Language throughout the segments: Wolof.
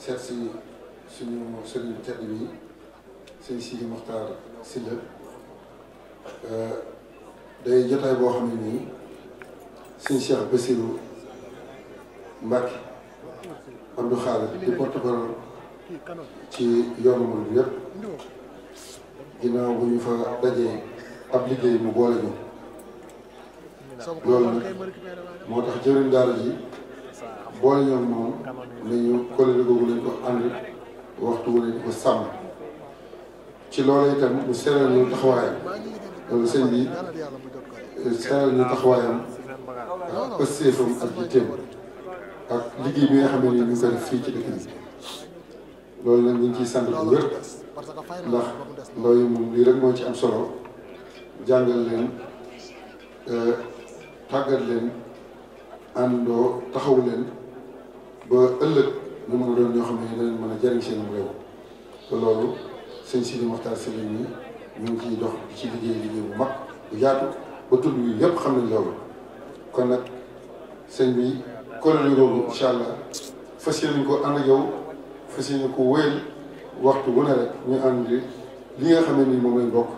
seet si suñu sëriñ tedd bi sëñ Sidi Mokhtar Sylla euh, day jotaay boo xam ne nii sëñ Cheikh Bassirou Mbacke Abdou Khadir di porte ci yoonu mu bi yëpp ginnaaw bu ñu fa dajee ab liggéey mu boole ñu loolu nag moo tax jëriñ daara ji boole ñoom moom ne ñu colère googu lañ ko ànd waxtu wu lañ ko sàmm ci loolu itam mu seeral ñu taxawaayam loolu sëñ bi euh, seeral ñu taxawaayam ak pëstéefam ak jitteem ak liggéey bi nga xam ne nii ñu ngi fii ci dëkk bi loolu nag ñu ngi ciy sant bu wér ndax ndaw yi moom lii rek moo ci am solo jàngal leen euh, tàggat leen àndoo taxaw leen ba ëllëg ñu ñoo xam ne danañ mën a jariñ seen réew te loolu sëñ Sidi Mokhtar Sylla ñi ñu ngi ciy dox ci liggéey liggéey bu mag bu yaatu ba tudd yi yëpp xam nañ loolu kon nag sëñ bi kololi roobu incha allah fas yéene ko ànd ak yow fas yéene ko wéyal waxtu bu ne rek ñu ànd li nga xam ne nii moom lañ bokk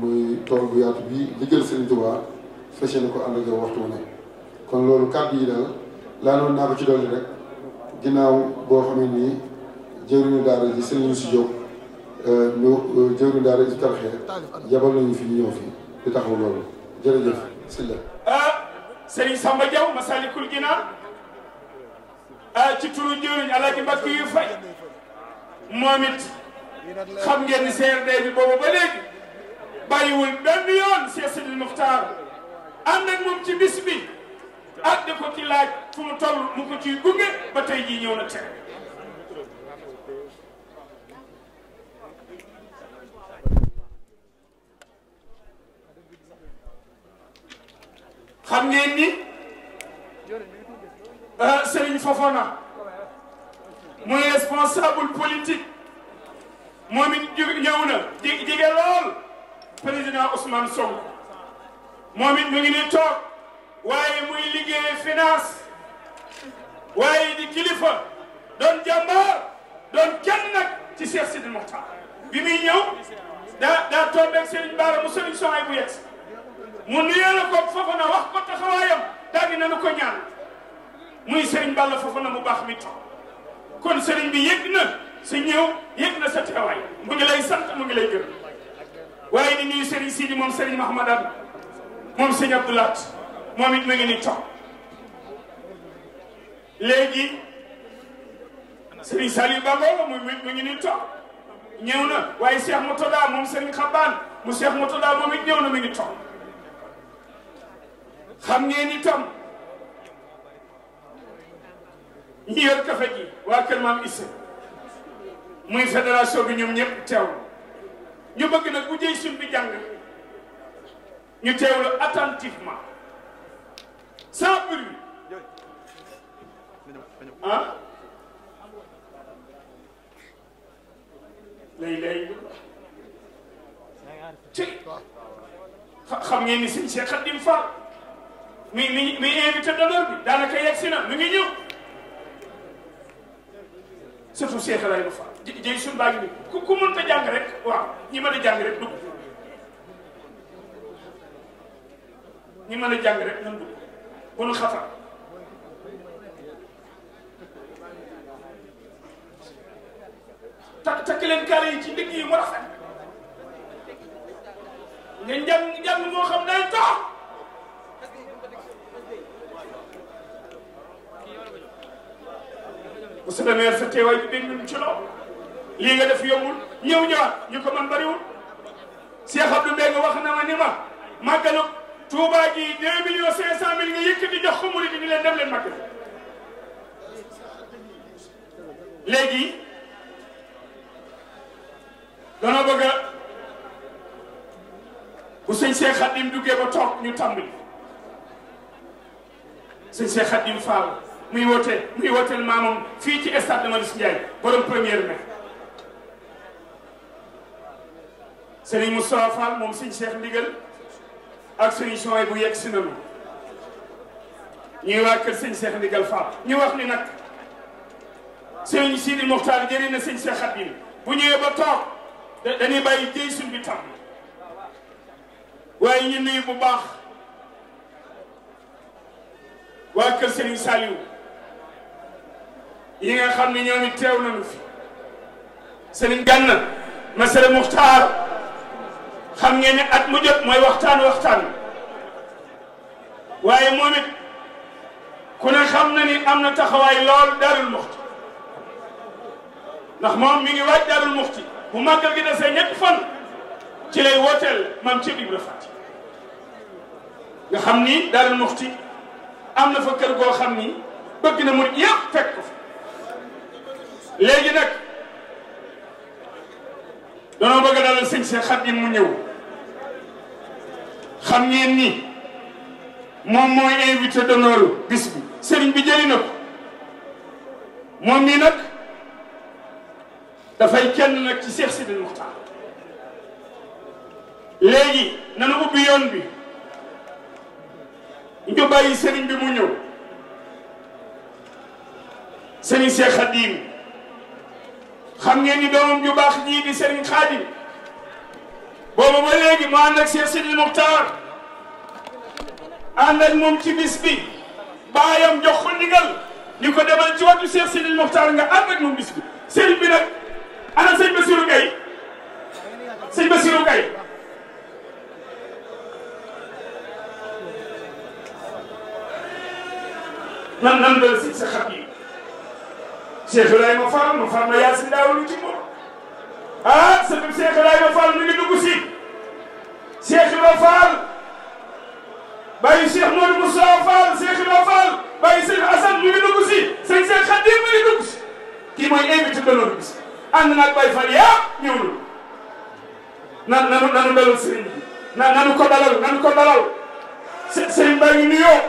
muy tool bu bi bii liggéeyal sëñ Tuubaa fas yéene ko ànd ak yow waxtu bu ne kon loolu kàddu yi daal laa noonu naa ko ci dolli rek ginnaaw boo xam ne nii jëwriñu daara ji sëriñ si jóg ñu euh, jëwriñu daara ji tarxee yabal nañu fi ñu ñëw fi di taxaw loolu jërëjëf si la ah Samba Diaw Masalikul Jinaan ah, ci turu jëwriñ Alaaji Mbàkke yu fay moom it xam ngeen ni CRD bi boobu ba léegi bàyyiwul benn yoon Cheikh Sidil Muxtaar ànd moom ci bis bi ak da ko ci fu mu toll mu ko ciy gunge ba tey jii ñëw na tere xam ngeen ni euh, Serigne Fofana muy responsable politique moom it ñëw na jege lool président Ousmane Sonko moom it mu ngi ne toog waaye muy liggéey finance waaye di kilifa doon jàmbaar doon kenn nag ci Cheikh Sidi Mokhtar bi muy ñëw daa daa toog ak mu Serigne Sohay bu yegg mu nuyoo la ko foofu na wax ko taxawaayam daal di nanu ko ñaan muy Serigne Balla foofu na mu baax mi toog kon Serigne bi yëg na si ñëw yëg na sa teewaay mu ngi lay sant mu ngi lay gërëm waaye ni ñuy Serigne Sidi moom Serigne Mahamadane moom Serigne Abdoulaye. moom it ma ngi ni toog léegi sëriñ Saliou Ba boobu mu mu ngi ni toog ñëw na waaye Cheikh Moutada moom sëriñ Xabaan mu Cheikh Moutada moom it ñëw na mi ngi toog xam ngeen itam ñi yor kafe gi waa Kër Maam Issa muy fédération bi ñoom ñëpp teew ñu bëgg nag bu jëy bi jàng ñu teewlu attentivement sans bruit ah lay ci xam ngeen ni sëñ Cheikh Khadim Fall mi mi mi invité d'honneur bi daanaka yegg si na mi ngi ñëw surtout Cheikh lay bu Fall jëy suñ baa ngi ni ku ku mënta jàng rek mën a jàng rek dugg ñi mën a jàng rek nan dugg bul xafa takk takk leen kaala yi ci ndigg yi mu rafet nga njàng njàng moo xam day tax monsieur le maire sa teewaay bi dégg nañu ci loolu lii nga def yombul ñëw ñëwaat ñu ko man bariwul Cheikh Abdou Mbengue wax na ma ni ma màggalu Touba gi 2 millions 500 mille nga yëkkati jox ko murid di leen dem leen Makka léegi danoo bëgg bu sëñ see Xadim duggee ba toog ñu tàmbali sëñ see Xadim Fall muy woote muy wooteel maamam fii ci stade Marius Ndiaye borom première mai Serigne Moustapha Fall moom sëñ Cheikh Ndigal. ak suñu son bu yegg si nanu ñuy waa kër sëñ Cheikh Ndigal Fall ñu wax ni nag sëñ Sidi Mokhtar jëri na sëñ Cheikh Khadim bu ñëwee ba toog dañuy bàyyi jëy suñ bi tam waaye ñu nuyu bu baax waa kër Serigne Saliou yi nga xam ne ñoom it teew nañu fi Serigne Ganna Masere Mokhtar xam ngeen ne at mu jot mooy waxtaan waxtaan waaye moom it ku ne xam na ni am na taxawaay lool Daarul Muxti ndax moom mi ngi waaj Daarul Muxti bu màggal gi desee ñetti fan ci lay wooteel maam ci Ibra fa nga xam nii Daarul Muxti am na fa kër goo xam ni bëgg na mu yëpp fekk ko fa léegi nag danoo bëgg a dalal sëñ Seex Xaadim mu ñëw xam ngeen ni moom mooy invité d'honneur bis bi sëriñ bi jëli na moom nii nag dafay kenn nag ci Cheikh Sidi Muxtaar léegi nanu ubbi yoon bi ñu bàyyi sëriñ bi mu ñëw sëriñ Cheikh Khadim xam ngeen ni doom ju baax jii di sëriñ Khadim booba ba léegi mu ànd ak Cheikh Sidil Muxtaar ànd ak moom ci bis bi baayam jox ko ndigal ni ko demal ci wàllu Cheikh Sidil Muxtaar nga ànd ak moom bis bi sëriñ bi nag ana sëñ Bassirou Gueye sëñ nan nan dal si sa xam yi Cheikh Ibrahima Fall ma Fall ma yaa si daawlu ci moom ah sëñ bi Cheikh Ibrahima Fall mi ngi dugg si Cheikh Ibrahima Fall bàyyi Cheikh Modou Moussa Fall Cheikh Ibrahima Fall bàyyi Cheikh Assane mi ngi dugg si sëñ kii mooy invité de l'ordre bis ànd na nanu nanu dalal ko dalal nanu ko dalal së sëriñ baa ngi nuyoo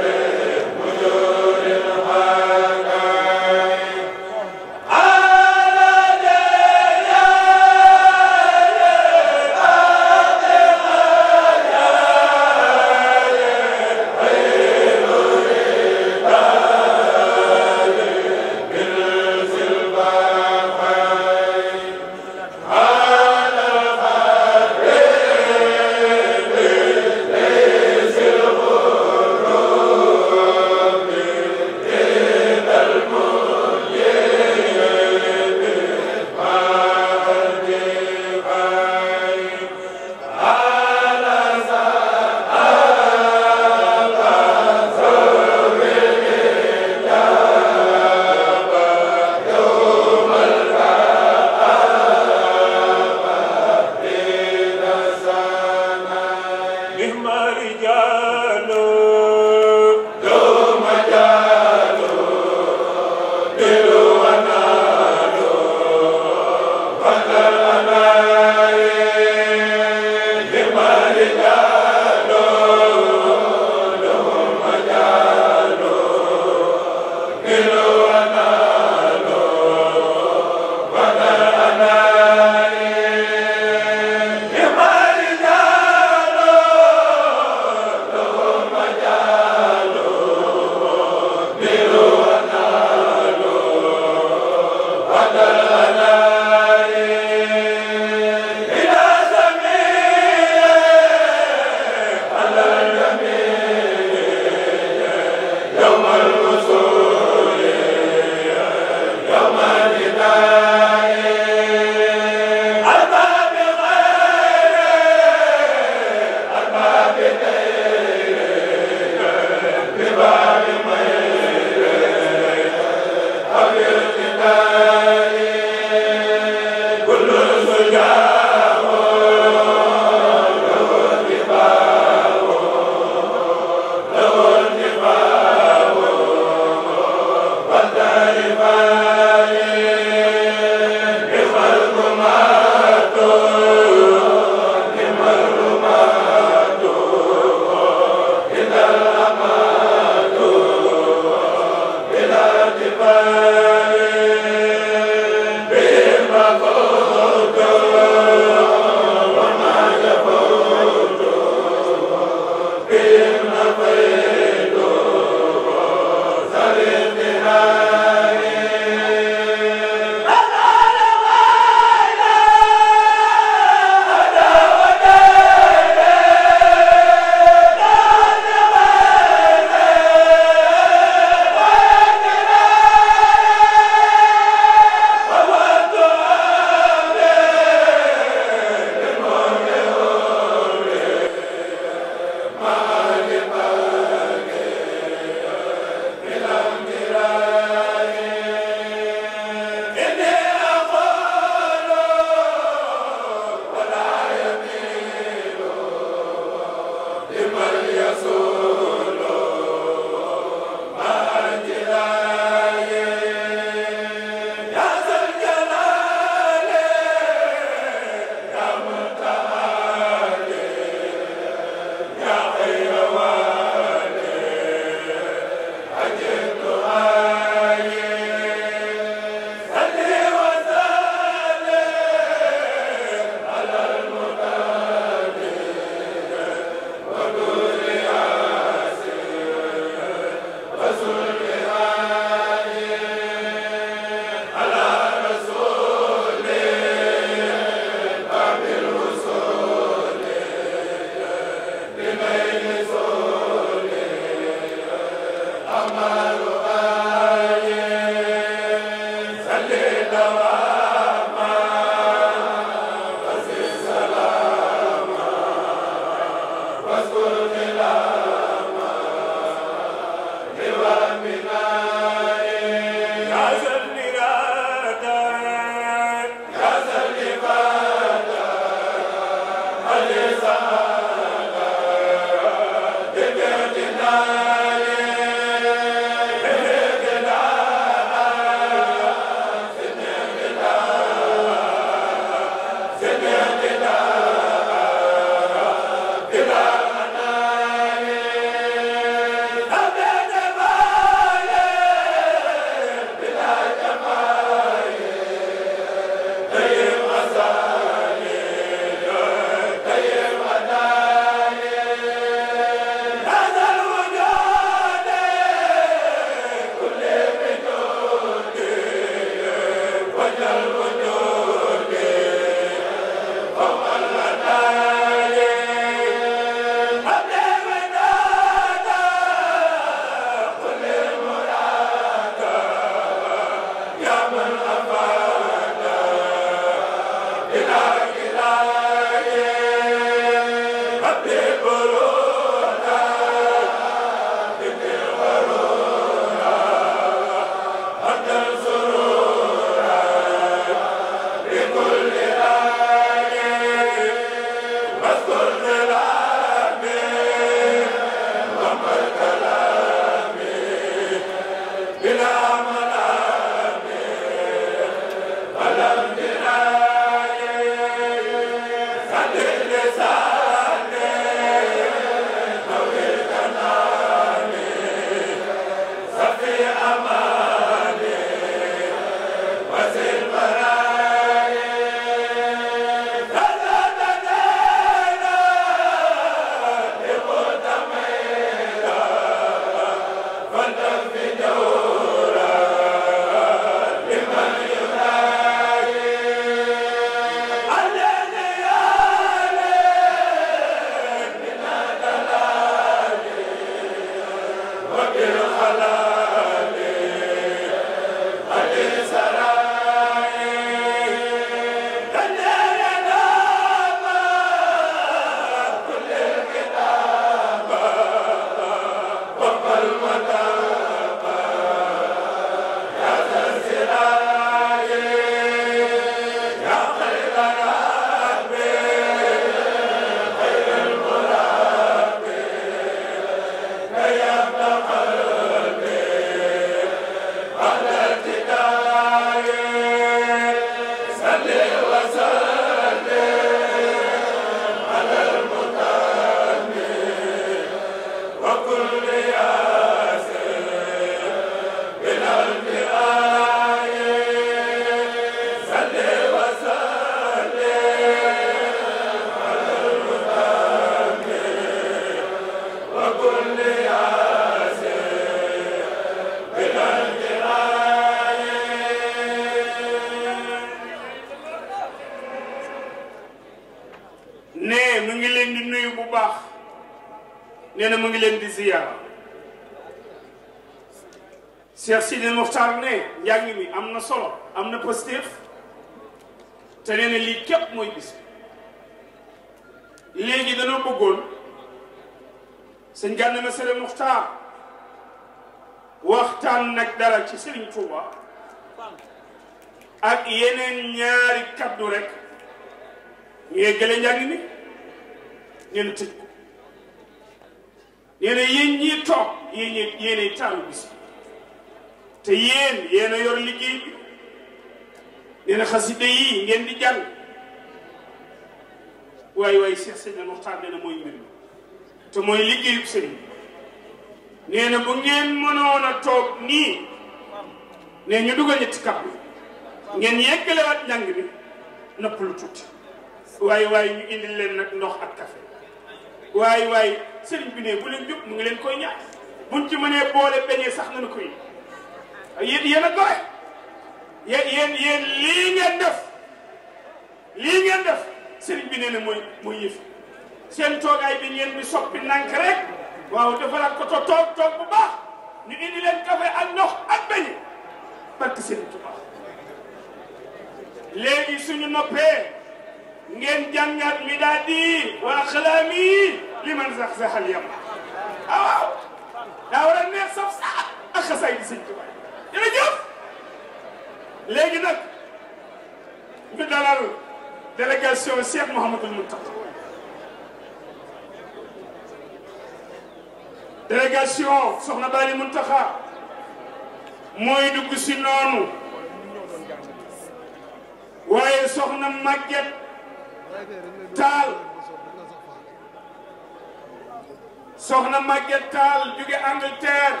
soxna Maguette Tall jóge Angleterre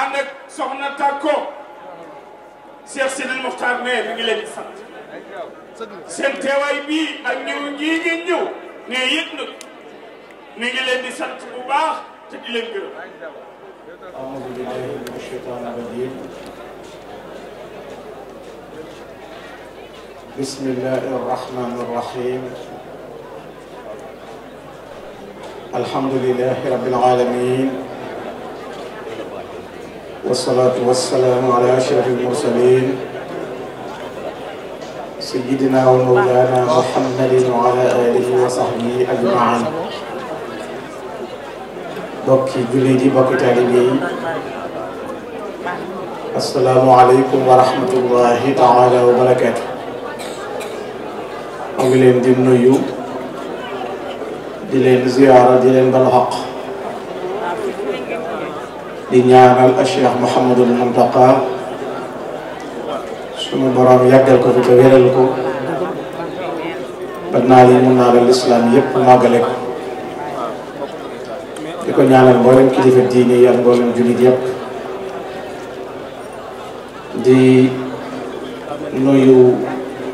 ànd ak soxna Takko Cheikh Sidil Mokhtar mais mi ngi leen di sant seen teewaay bii ak ñëw ñii ngeen ñëw ne yëg na mi ngi leen di sant bu baax te di leen gërëm أعوذ بالله من الشيطان الرجيم بسم الله الرحمن الرحيم alhamdulilahi rabbil alamin wasalaatu wasalaamu ala ashrafil mursalin sayyidina wa mawlana muhammadin wa ala alihi wa sahbihi ajmain bokki jullit yi bokki taalibe yi assalaamu aleykum wa rahmatullahi taala wa barakatu. maa ngi leen di nuyu di leen ziyaara di leen balu xaq di ñaanal a Cheikh Mouhamadul Muntaqa sunu borom yàggal ko fi te wéral ko ba naa li mun naa la lislaam yépp màggale ko di ko ñaanal mboolem kilifa diine yi ak mboolem jullit yépp di nuyu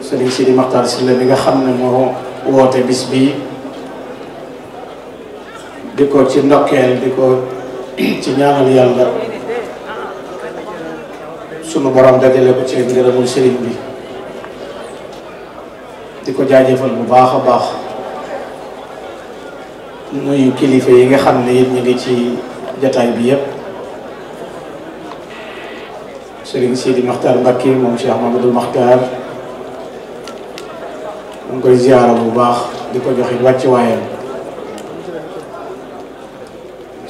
Sëriñ Sidi Maxtaar Silla bi nga xam ne moo woote bis bii di ko ci ndokkeel di ko ci ñaanal yàlla sunu borom dajale ko ci ngërëmul sëriñ bi di ko jaajëfal bu baax a baax nuyu kilifa yi nga xam ne yéen ngi ci jataay bi yépp sëriñ Sidi Maxtaar Mbacke moom Cheikh Mamadou Maxtaar mu ngi koy ziyaara bu baax di ko joxe wàcc waayam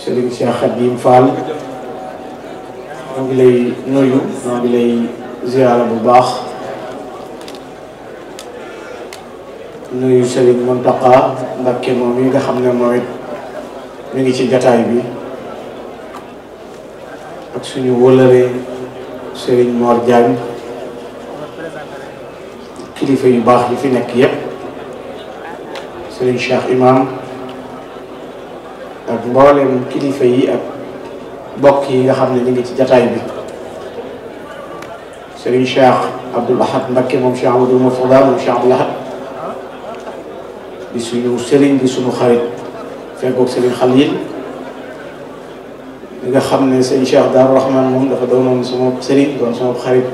Serigne Cheikh Khadim Fall maa ngi lay nuyu maa ngi lay ziyaara bu baax nuyu Serigne Mountakha Mbacké moom yi nga xam ne mooy mu ngi ci gataay bi ak suñu wëlëree Serigne Mor Diagne kilifa yu baax yi fi nekk yépp Serigne Cheikh Imam ak mboolem kilifa yi ak bokk yi nga xam ne ñu ngi ci jataay bi sëriñ Cheikh Abdoul Ahad Mbacké moom Cheikh Amadou Mafouda moom Cheikh suñu sëriñ di suñu xarit fekkoog sëriñ Khalil li nga xam ne sëriñ Cheikh Darou Rahman moom dafa doonoon sama sëriñ doon sama xarit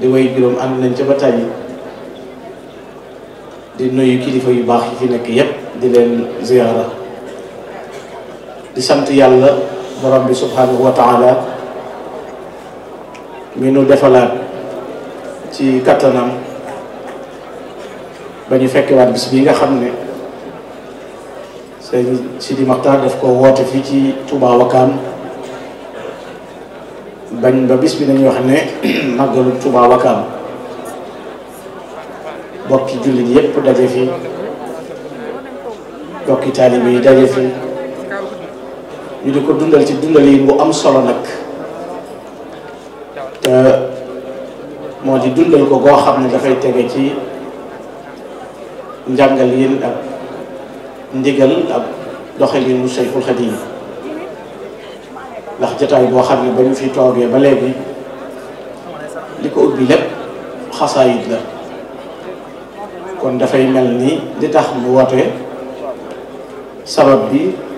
di way juróom ànd nañ ca ba tàyyi di nuyu kilifa yu baax yi fi nekk yépp di leen ziyaara di sant yàlla borom bi subhanahu wa taala mi nu defalaat ci kattanam ba ñu fekkewaat bis bi nga xam ne sëñ Sidi Maxtaar daf ko woote fii ci Touba Wakam bañ ba bis bi nañu wax ne màggalu Touba Wakam bokki jullit yépp daje fi bokki taalibe yi daje fi ñu di ko dundal ci dundal yi bu am solo nag te moo di dundal ko goo xam ne dafay tege ci njàngal yi ak ndigal ak doxalinu Seyxul Xadiim ndax jotaay boo xam ne ba ñu fi toogee ba léegi li ko ubbi lépp xasaayit la kon dafay mel ni li tax mu woote sabab bi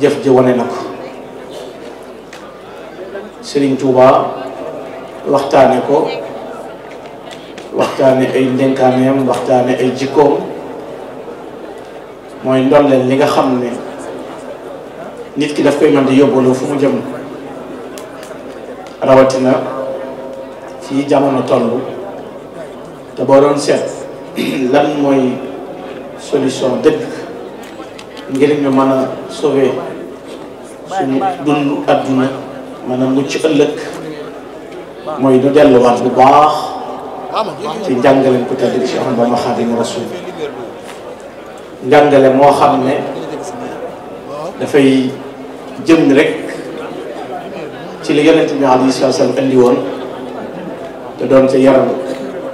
jëf ji wane na ko Serigne Touba waxtaane ko waxtaane ay ndénkaaneem waxtaane ay jikkoom mooy ndolleen li nga xam ne nit ki daf koy mën di yóbbaloo fu mu jëm rawatina fii jamono toll te boo doon seet lan mooy solution dëgg ngir ñu mën a sauver suñu dund adduna mën a mucc ëllëg mooy du delluwaat bu baax ci njàngaleem ku tedd ci am ba ma Xaadimu Rasuul njàngale moo xam ne dafay jëm rek ci li yonent bi alayhi salaatu salaam indi woon te doon ci yar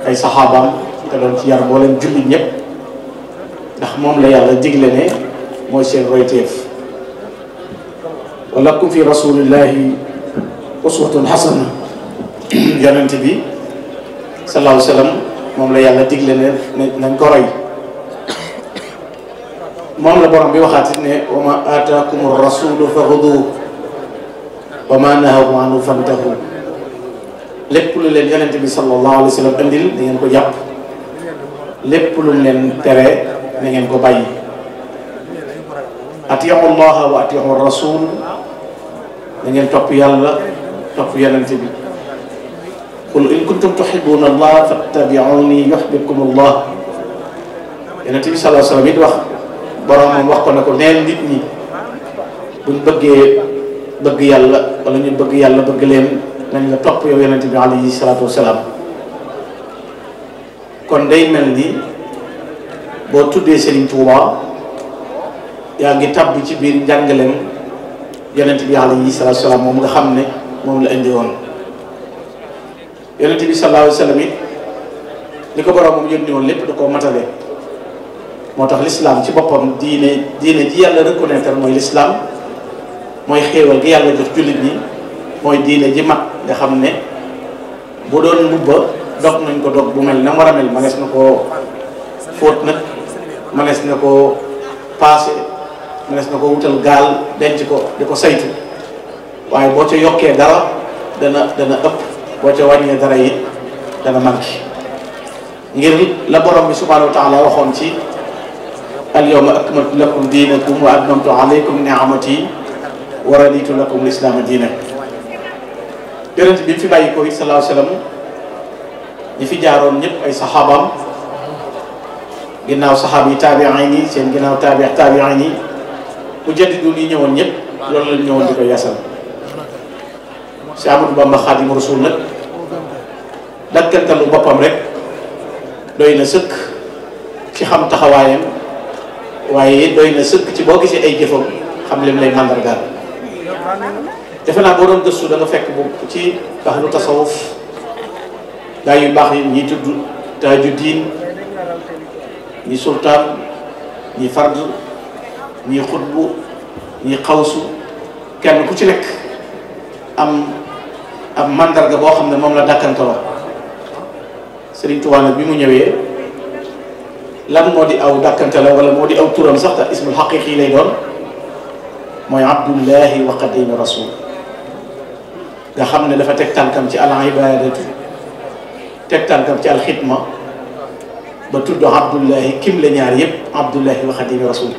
ay saxaabaam te doon ci yar boo leen jullit ñëpp ndax moom la yàlla digle ne mooy seen royteef wa lakum fi rasulillahi uswatun xasana yonent bi sallallahu alayhi moom la yàlla digle ne nañ ko roy moom la borom bi waxaatit ne wa ma aataakum rasulu fa xudu wa ma nahakum anhu fantahu lépp lu leen yonent bi sallallahu alayhi wa sallam andil ko jàpp lépp lu leen tere na ko bàyyi atiiwu allaha wa atiiwu rasul da ngeen topp yàlla topp yonente bi qul in kuntum tuhibbuna allah fattabiuni yuhbibkum allah yonente bi salaa salaam it wax boromam wax ko ne ko neen nit ñi buñ bëggee bëgg yàlla wala ñu bëgg yàlla bëgg leen nañ la topp yow yonente bi alayhi salaatu wasalaam kon day mel ni boo tuddee Serigne Touba yaa ngi tabb ci biir njàngaleem yonent bi alayhi salaatu salaam moom nga xam ne moom la indi woon yonent bi sallallahu alayhi wasallam li ko borom moom yónni woon lépp da koo matale moo tax lislaam ci boppam diine diine ji yàlla reconnaître mooy lislaam mooy xéewal gi yàlla jox jullit ñi mooy diine ji mag nga xam ne bu doon mbubba dog nañ ko dog bu mel na war a mel manees na ko fóot nag manees na koo paase mënees na ko wutal gaal denc ko ko saytu waaye boo ca yokkee dara dana dana ëpp boo ca wàññee dara yi dana manqué ngir la borom bi subhanahu wa waxoon ci al yawma akmaltu lakum diinakum wa atmamtu alaykum ni'amati wa raditu lakum lislaama diina yonent bi fi bàyyi ko it salaahu salaam fi jaaroon ñëpp ay saxaabaam ginnaaw saxaab yi taabiin yi seen ginnaaw taabi yi mu jënd du li ñëwoon ñëpp loolu lañ ñëwoon di ko yeesal si Amadou Bamba Xaadimu Rasuul nag dakkantalu boppam rek doy na sëkk ci xam taxawaayam waaye doy na sëkk ci boo gisee ay jëfam xam leen lay màndargaal defe naa boo doon gëstu da fekk bu ci baax lu tasawuf gaa yu baax yi ñi tudd taaju diin ñi sultaan ñi fard ñi xutbu ñi xawsu kenn ku ci nekk am am mandarga boo xam ne moom la dàkkantaloo Sëriñ Tuubaa nag bi mu ñëwee lan moo di aw dàkkante la walla moo di aw turam sax te ismul xaqiqi lay doon mooy abdullahi wa qadim nga xam ne dafa teg tànkam ci al ibadatu teg tànkam ci al xidma ba tudd abdullahi kim la ñaar yépp abdullahi wa qadim rasul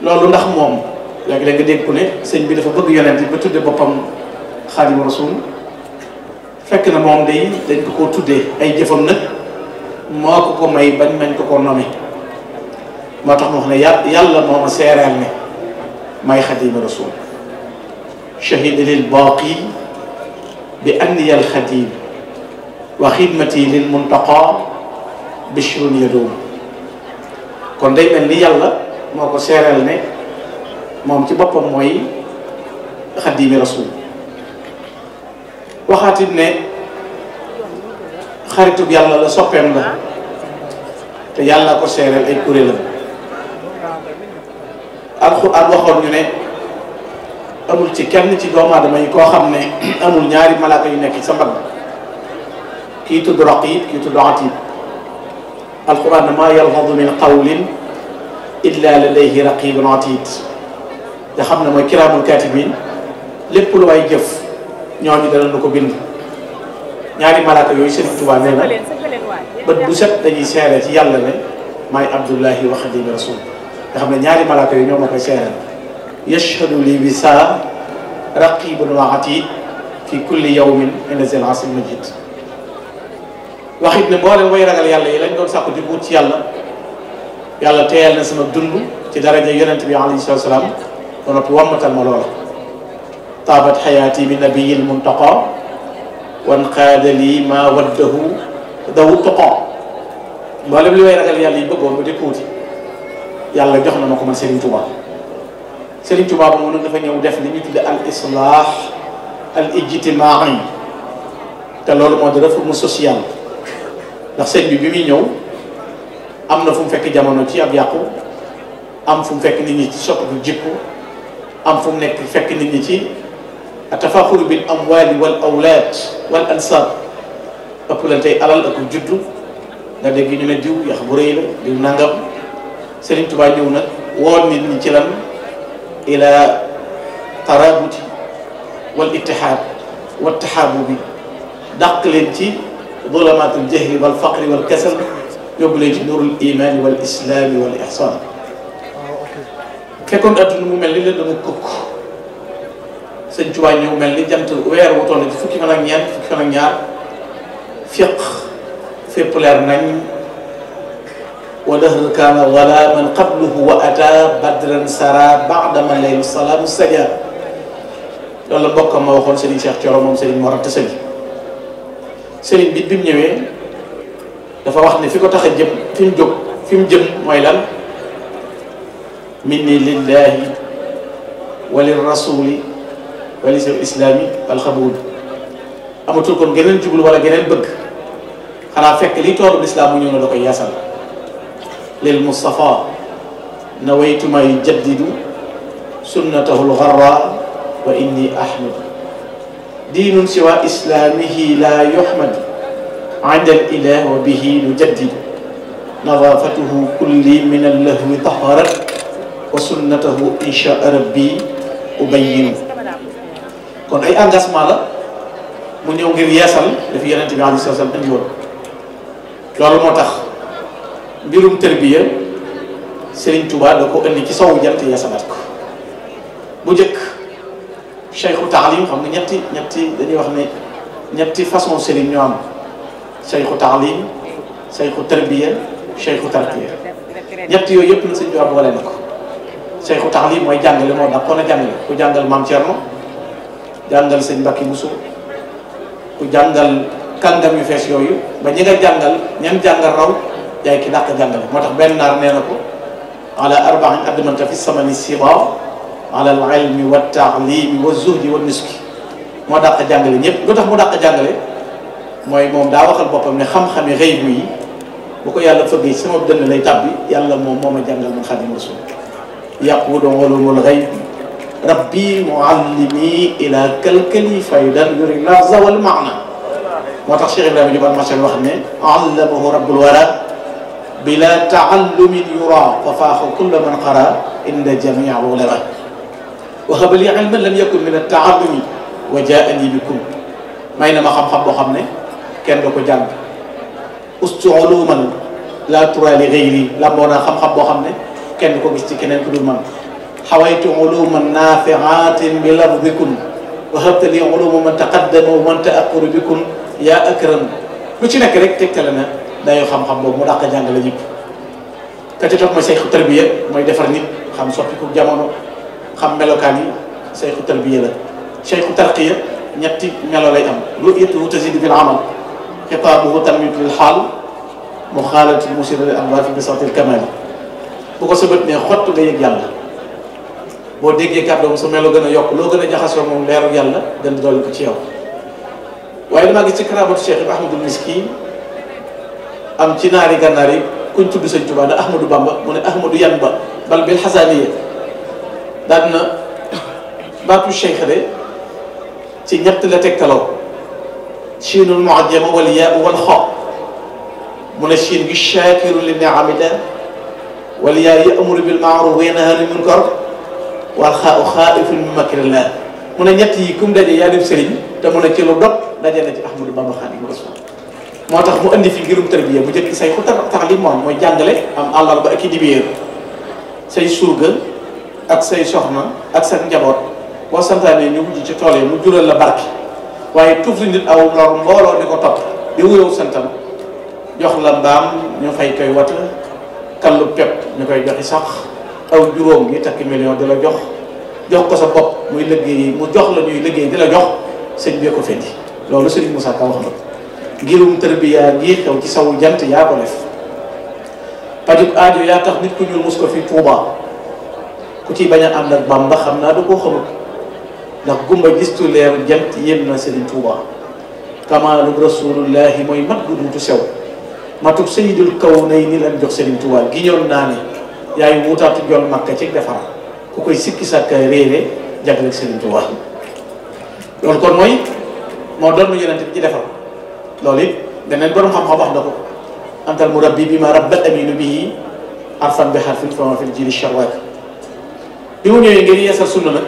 loolu ndax moom léeg-léeg nga ku ne sëñ bi dafa bëgg yonent ba tudde boppam xaadimu rasul fekk na moom day dañ ko koo tuddee ay jëfam nag moo ko ko may bañ mañ ko ko nommé moo tax ma wax ne yàlla moo ma seereel ne may xaadimu rasul shahida lil baaqi bi anniya al xadim wa xidmati lil muntaqa bishrun yadum kon day mel ni yàlla moo ko seereel ne moom ci boppam mooy xaddiimi rasul waxaatit ne xaritub yàlla la soppeem la te yàlla ko seereel ay kuréelam alxuraan waxoon yu ne amul ci kenn ci doomu aadama koo xam ne amul ñaari malaaka yu nekk sa mbagg kii tudd raqiib kii tudd atiid alxuraan maa yalfadu min qawlin illa ladayhi raqibun atid nga xam ne mooy kiraamul kaatibin lépp lu way jëf ñooñu dana nu ko bind ñaari malaaka yooyu seen Tuubaa nee na bët bu set dañuy seere ci yàlla ne maay Abdullahi wa Xaadimu Rasuul nga xam ne ñaari malaaka yooyu ñoo ma koy seereel yashhadu li wisa raqibun wa atid fi kulli yawmin inda zil asim majid waxit ne boo leen way ragal yàlla yi lañ doon sàkku di wut ci yàlla yàlla teeyal na sama dund ci daraja yonent bi alayhi salaatu wa salaam ba noppi wammatal ma loola taabat xayaati bi nabiyil muntaqa wan xaadali ma waddahu dawu tuqa mboolem li may ragal yàlla yi bëggoon ba di tuuti yàlla jox na ma ko man Serigne Touba Serigne Touba ba mu ne dafa ñëw def li ñu tudde al islah al ijtimaai te loolu moo di réforme sociale ndax sëñ bi bi muy ñëw am na fu fekk jamono ci ab yàqu am fu mu fekk nit ñi ci soppiku jikko am fu mu nekk fekk nit ñi ci tafaxuru bil amwaali wal awlaad wal ansaab ëpp lan tey alal ak juddu nga dégg ñu ne diw yax bu rëy la diw nangam Serigne Touba ñëw ci lan ila tarabuti wal ittihaad wa tahaabu bi dàq leen ci dolomatul jahli wal faqri wal kasal yóbbu leen ci nuurul imaani wal islaami wal ihsaan fekkoon adduna mu mel ni leen dama kukk sëñ Tuubaa ñëw mel ni jant weer wu toll ci fukki fan ak ñeent fukki fan ñaar fiq fépp leer nañ wa dahr kaana zalaaman qabluhu wa ataa badran sara baadama laylu salaamu sajaa loolu la mbokk ma waxoon Serigne Cheikh Thioro moom Serigne Mor Anta Sali Serigne bi bi ñëwee dafa wax ne fi ko tax a jëm fi mu jóg fi mu jëm mooy lan minni lillahi wa lirrasuli wa li sel islaami alxabuud amatul kon geneen jublu wala geneen bëgg xanaa fekk li toolu lislaam mu ñëw na da koy yaasal lil mustafa nawaytu ma yujaddidu sunnatahu lgarra wa inni ahmadu diinun siwa islaamihi la yuhmadu عند الإله وبه نجدد نظافته كل من اللهو طهرت وسنته إن شاء ربي أبين kon ay engagement la mu ñëw ngir yeesal dafi yonente bi alayhi salaam indi woon loolu moo tax mbirum tërbiya Serigne Touba da ko indi ci sowu jant yeesalaat ko bu njëkk cheikhu taalim xam nga ñetti ñetti dañuy wax ne ñetti façon Serigne ñoo am sayxu taalim sayxu tarbiya sayxu tarkiya ñett yooyu yëpp la sëñ Tuubaa boole na ko sayxu taalim mooy jàngale moo dàqoon a jàngale ku jàngal maam Thierno jàngal sëñ Mbacke Bousso ku jàngal kàngam yu fees yooyu ba ñi nga jàngal ñan jàngal raw yaay ki dàq jàngale moo tax ben naar nee na ko ala arba'in admanta fi samani siba ala al ilmi wa taalimi wa zuhdi wa nuski moo dàq jàngale ñëpp lu tax mu dàq jàngale mooy moom daa waxal boppam ne xam-xame xëy bu yi bu ko yàlla fëggee sama dënn lay tàbbi yàlla moom moo ma jàngal man xadim rasul yàqu doon walumul xëy rabbi muallimi ila kalkali faydan yuri lafza wal maana moo tax Cheikh Ibrahima Jubal Machal wax ne allamahu rabbul wara bila taallumin yura fa faaxa kulla man qara inda jamia ulama waxaba li ilman lam yakun min attaallumi wa jaani bikum may na ma xam-xam boo xam ne kenn du ko jàng ustu uluman laa turaa li ghayri lamboo naa xam-xam boo xam ne kenn du ko gis ci keneen ku dul man xawaytu uluman nafiatin bi lafdikun wahabta li uluma man taqaddama wa man taaqaru bikum yaa akram lu ci nekk rek tegtale na dayoo xam-xam boobu mu dàq jàngale ñëpp ka ca topp mooy sayxu tarbiya mooy defar nit xam soppiku jamono xam melokaan yi sayxu tarbiya la sayxu tarqiya ñetti melo lay am ru'yatu tazidu bil amal xitaabuhu tanwiit lil xaal mu xaalati musira li am waafi bi satil bu ko sëbët ne xott nga yëg yàlla boo déggee kàddoom su meloo gën a yokk loo gën a jaxasoo moom leeru yàlla dana dolli ko ci yow waaye damaa gis ci karaamatu Cheikh Ibrahima Ahmadul am ci naari gànnaar yi kuñ tudd sëñ Tuubaa da Ahmadou Bamba mu ne Ahmadou yan ba bal bil xasaaniya daan na baatu Cheikh de ci ñett la tegtaloo ci mu'jama wal yaa'u wal mu ne siin gi shaakiru li ni'amillah wal bil ma'ruf wa yanhaa anil munkar wal xaa'u xaa'ifun min makrillah mu ne ñett yi kum daje yaa def sëriñ te mu ne ci lu dog daje na ci Ahmadou Bamba Xaadimu Rasuul moo tax mu indi fi ngirum tarbiya bu njëkk say ku taxlim moom mooy jàngale am àllarba ak i dibeer say surga ak say soxna ak sa njaboot boo santaane ñu mu jural la barke waaye tuuf nit aw lor mbooloo di ko topp di wuyoo santam jox la mbaam ñu fay koy wata kallu pepp ñu koy joxi sax aw juróom yi takki million di la jox jox ko sa bopp muy liggéey mu jox la ñuy liggéey di la jox sëñ bi ko fendi loolu sëriñ Moussa Ka wax na ngirum tërbiya ngi xew ci sawu jant yaa ko def pajub aajo yaa tax nit ku ñuul mos ko fi Tuuba ku ci bañ a ànd ak Bàmba xam naa du koo xamut ndax gumba gistu leeru jant yem na Serigne Touba kamaalub rasulullahi mooy mat gu duutu sew matub sayidul kaw nay ni lan jox Serigne Touba gi ñoon naa ne yaay wutaatu jol makka ci defar ku koy sikki sàkka réere jagleel Serigne Touba loolu kon mooy moo doon nu yonente bi ci defar loolu it beneen borom xam-xam wax na ko antal mu bi ma rabbat aminu bii arfan bi xarfin fama fil jili shawak bi mu ñëwee ngir yeesal sunna nag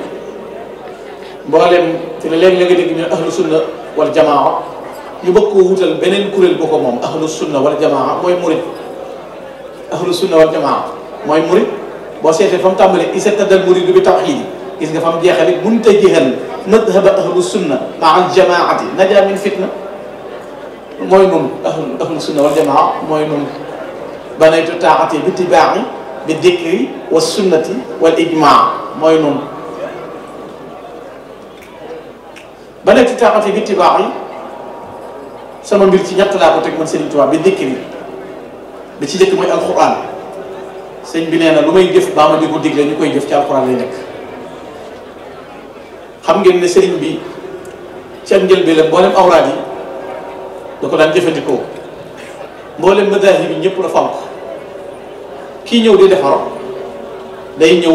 mboolem ci ne léegi ñu ngi dégg ñu ahlu sunna wal jamaa ñu bëgg koo wutal beneen kuréel bu ko moom ahlu sunna wal jamaa mooy murit ahlu sunna wal jamaa mooy murit boo seetee fa mu tàmbalee istaddal muridu bi tawxiid gis nga fa mu jeexal it mënut a jeexal nadhaba ahlu sunna maa al jamaati najaa min fitna mooy nun ahlu ahlu sunna wal jamaa mooy nun banaytu taaxati bi tibaaxi bi dikri wa sunnati wal ijmaa mooy nun ba léegi taxati bitti baax yi sama mbir ci ñett laa ko teg man Sëriñ Tuubaa bi dikki bi bi ci njëkk mooy alxuraan sëñ bi nee na lu may jëf baa ma di ko digle ñu koy jëf ci alxuraan lay nekk xam ngeen ne sëriñ bi ci am njël bi la mboolem awraad jëfandikoo mboolem madaahib yi ñëpp kii ñëw di defar day ñëw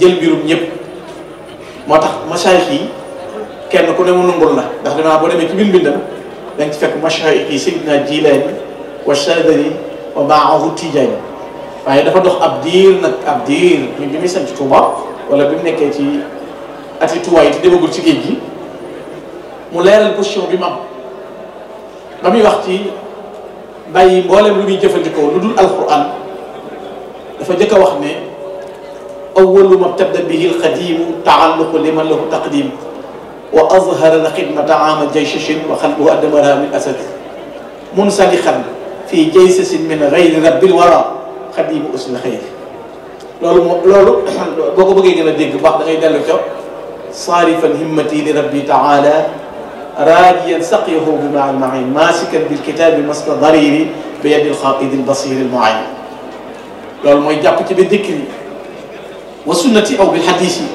jël mbirum ñëpp moo tax masaayix yi kenn ku ne mu nungul la ndax damaa boo demee ci biir mbindam da nga ci fekk mashayikhi Seydina Jilaani wa wa maahu Tijaani waaye dafa dox ab diir nag ab diir bi bi muy wala bi mu nekkee ci ati Tuuba yi te demagul ci géej gi mu leeral position bi mu am ba muy wax ci bàyyi mboolem lu muy jëfandikoo lu dul alquran dafa jëkk a wax ne awwalu mabtada bihi alqadimu taalluqu liman lahu taqdim wa azharana xidmata ama jayshin wa xalbuhu adbaraha min asadi munsalixan fii jaysin min gayri rabbil wara xadimu usul xayri loolu moo loolu boo ko bëggee gën a dégg baax da ngay dellu ca saarifan himmati li rabbi taala raajiyan saqyahu bi maa almain maasikan bil kitaabi masla dariri bi yadi alxaaqidi albasiri almuayin loolu mooy jàpp ci bi dikri wa sunnati aw bil xadis yi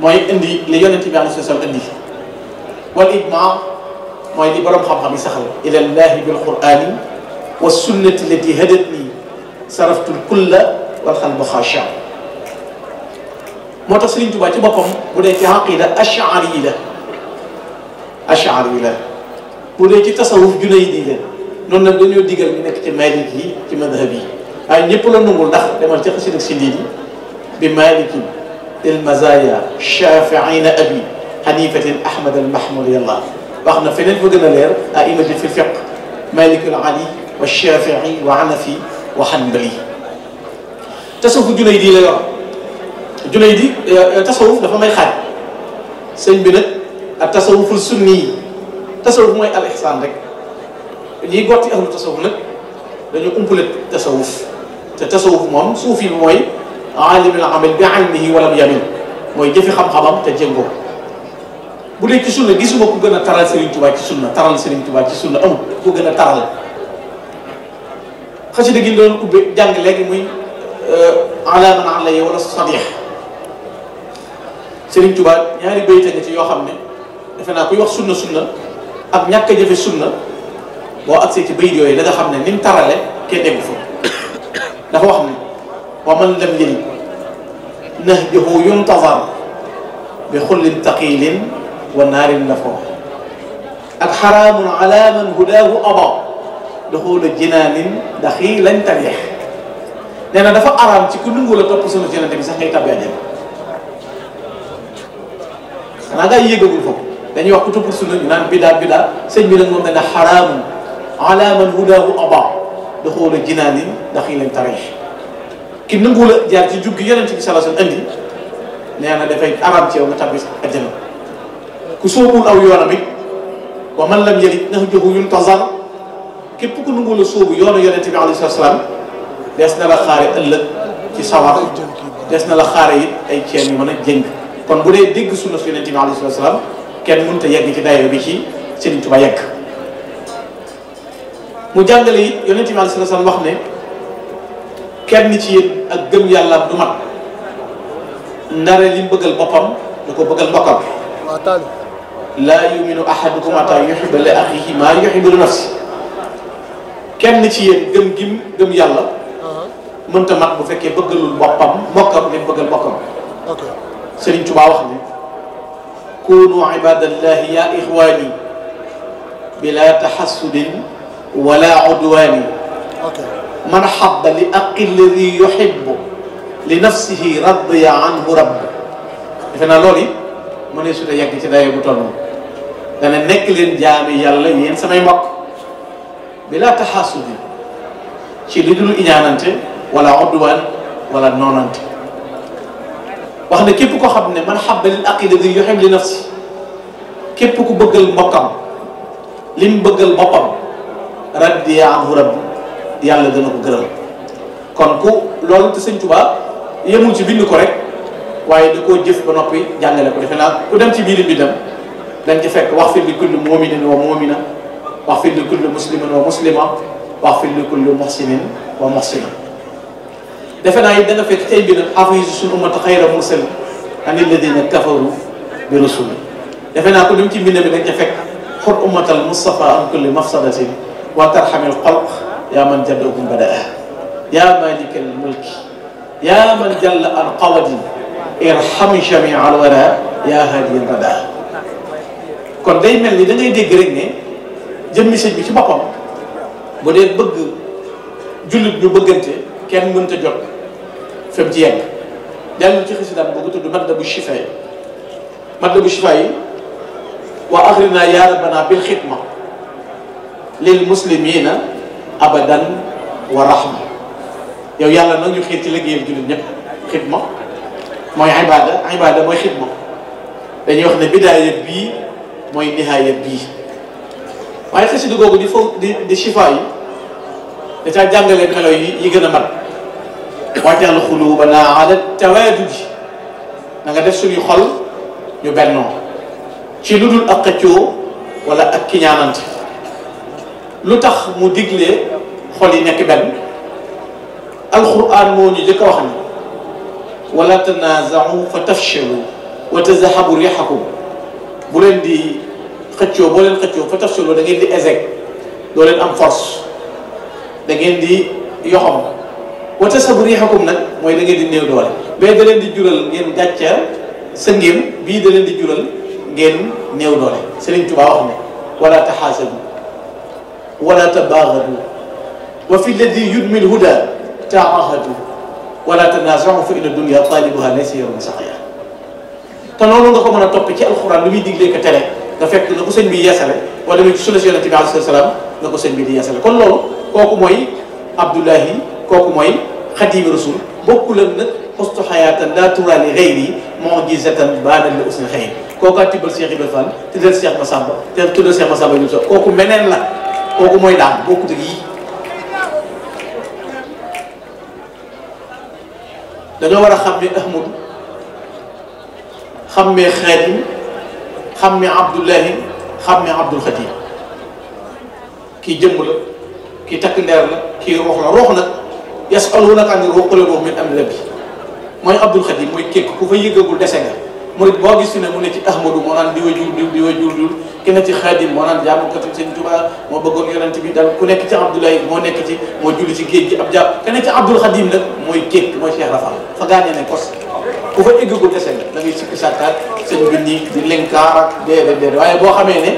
mooy indi li yonent bi alayhi salaam indi wal ijmaa mooy li borom xam-xam yi saxal ila llahi bil qurani wa sunnati lati hadat nii saraftu kulla wal xalbu xaacha moo tax Sëriñ Tuubaa ci boppam bu dee ci aqida ashari yi la ashari yi la bu dee ci tasawuf junay di leen noonu nag dañoo digal ñu nekk ci malik yi ci madhab yi waaye ñëpp la nungul ndax demal ci xasida si lii bi malik yi المزايا شافعين أبي حنيفة أحمد المحمود الله wax na feneen fa gën a leer aimati fi fiq malikul ali wa shafii wa hanafi wa hanbali tasawuf junay di la yor junay di tasawuf dafa may xaaj sëñ bi nag ak tasawuful sunni yi tasawuf mooy al ihsan rek ñiy gotti ahlu tasawuf nag dañu umpale tasawuf te tasawuf moom aalimul amal bi ilmihi walam yamin mooy jëfi xam-xamam te jéngoo bu dee ci sunna gisuma ku gën a taral Serigne Touba ci sunna taral Serigne Touba ci sunna amul ku gën a taral xasida gi doon ubbe léegi muy euh, ala man ñaari bayte nga yoo xam ne defe naa kuy wax ak ñàkk a jëfe sunna boo agsee ci bayit yooyu la nga xam ne ni mu tarale kenn dégg fa dafa wax ne ومن لم يلد نهجه ينتظر بخل ثقيل ونار نفور الحرام على من هداه أبى دخول جنان دخيلا تريح nee na dafa araam ci ku nangu la topp sunu yonent bi sax ngay tabbee dem xanaa ngay yëgagul foofu dañuy wax ku topp sunu ñu naan bidaa bidaa sëñ bi nag moom dana xaraamu ala man hudaahu abaa duxuula jinaanin daxiilan tariix ki nanguwul a jaar ci jub gi yonent bi sallallahu alayhi wasallam nee na dafay araam ci yow nga tàbbi àjjana ku sóobuwul aw yoonam it wa man lam yalid nahjuhu yuntazar képp ku nanguwul a sóobu yoonu yonent bi alayhi wasallam des na la xaare ëllëg ci sawar des na la xaare yi ay ceen yu mën a jëng kon bu dee dégg sunna su yonent bi alayhi wasallam kenn mënut a yegg ci dayo bi ci Sëriñ Tuubaa yegg mu jàngale it yonent bi alayhi wasallam wax ne kenn ci yéen ak gëm yàllaam du mat ndare li mu bëggal boppam du ko bëggal mbokkam laa yuminu ahadukum hatta yuhibba li axihi maa yuhibbu li nafsi kenn ci yéen gëm gim gëm yàlla uh-huh. mënta mat bu fekkee bëggalul boppam mbokkam li mu bëggal mbokkam Sëriñ Tuubaa wax ni kunu ibadallahi ya ixwani bila taxassudin wala udwani man habba li aqi alladi yuhibbu li nafsihi radiya anhu rabbu defe naa loolu yi mu ne su dee yegg ci dayoo bu toll moom dana nekk leen jaami yàlla yéen samay mbokk bilaa taxaasudi ci li dul iñaanante wala odduwaan wala noonante wax ne képp ko xam ne man habba lil aqi alladi yuhibbu li nafsi képp ku bëggal mbokkam lim bëggal boppam radiya anhu rabbu yàlla dana ko gërëm kon ku loolu te sëñ Tuubaa yemul ci bind ko rek waaye da koo jëf ba noppi jàngale ko defe naa ku dem ci biir bindam dañ ci fekk wax fi li kulli mu'minin wa mu'mina wax fi li kulli muslimin wa muslima wax fi li kulli muhsinin wa muhsina defe naa it da nga fekk ay mbir hafizu suñu ummata xayra mursal ani alladina kafaru bi rasuli defe naa ko lim ci mbind bi dañ ca fekk xur ummatal mustafa an kulli mafsadatin wa tarhamil xalq yaa man jàll kum badaa yaa malikal mulki yaa man jàll an qawadin irham jami al wara yaa haadiyal badaa kon day mel ni da ngay dégg rek ne jëmmi sëñ bi ci boppam bu dee bëgg jullit ñu bëggante kenn mënta jot fi mu ci yegg dellu ci xasidaam boobu tudd madda bu shifa yi madda bu shifa yi wa axrina yaa rabbana bil xidma lil muslimina abadan wa rahma yow yàlla nag ñu xiit ci liggéeyal jullit ñëpp xidma mooy ibada ibada mooy xidma dañuy wax ne bidaaya bii mooy nihaaya bii waaye xasida googu di foofu di di shifa yi da caa jàngale yi gën a mat wajal xuluubana ala tawaadud na nga def suñuy xol ñu bennoo ci lu dul ak xëccoo wala ak kiñaanante lu tax mu diglee xol yi nekk benn alquran moo ñu jëkk a wax ni wala tanazahu fa tafshalu wa tazahabu rihakum bu leen di xëccoo boo leen xëccoo fa tafshalu da ngeen di échec doo leen am force da ngeen di yoxam wa tazahabu rihakum nag mooy da ngeen di néew doole mais da di jural ngeen gàcca sa ngéem bii da leen di jural ngeen néew doole Sëriñ Tuubaa wax ne wala taxaasabu wala tabaagadu wa fi lladi yudmi lhuda taahadu wala tanaasaxu fa inna dunya taalibuha laysa yawman saqiya te loolu nga ko mën a topp ci alxuraan lu muy diglee tere nga fekk na ko sëñ bi yeesale wala mu ci sunna yonent bi alayhi salaam na ko sëñ bi di kon loolu kooku mooy mooy xadiimi rasul bokkul ak nag xustu xayaatan daa turaali xayri mu'jizatan baana li usni xayri kooku a tibbal Cheikh Ibrahima Fall tuddal Cheikh Massamba te tuddal Cheikh Massamba ñu so kooku meneen la kooku mooy daan bokkut ak yii dañoo war a xàmmee Ahmadu xàmmee Xaadim xàmmee Abdullahi xàmmee Abdul Xadim kii jëmm la kii takk ndeer la ki roox na roox nag yasalunaka ani ruuxi qul ruuxun min amri rabbi mooy Abdul Xadim mooy képp ku fa yëgagul dese nga. murit boo gis ne mu ne ci ahmadu moo naan diwa jur diw moo naan jaamukatu sëñ moo bëggoon bi daal ku nekk ci Abdoulaye moo nekk moo julli ci géej gi ab jàpp ki ne ci Abdul mooy géej mooy Cheikh Rafa fa gaañee ne kos ku fa égg gu di lenkaar ak déedéet waaye boo xamee ne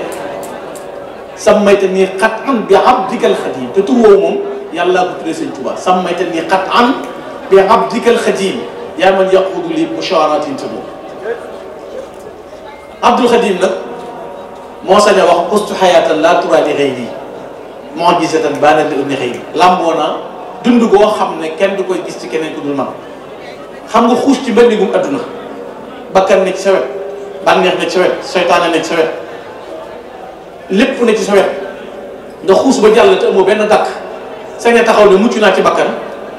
sammayta nii xat an bi abdikal xadim te tuwoo moom yàlla ko tuddee sëñ Tuubaa sammayta nii xat an bi abdikal xadim yaa man yaqudu li mushaaratin Abdul Xadim nag moo sañ a wax ustu xayaatan laa turaali xëy lii moo gisee tan baana li ummi xëy lii làmboo dund goo xam ne kenn du koy gis ci keneen ku dul man xam nga xuus ci mbëndigum adduna bakkan nekk sa wet bànneex lépp ne ci sa nga xuus ba jàll te benn dàkk sañ taxaw ne mucc naa ci bakkan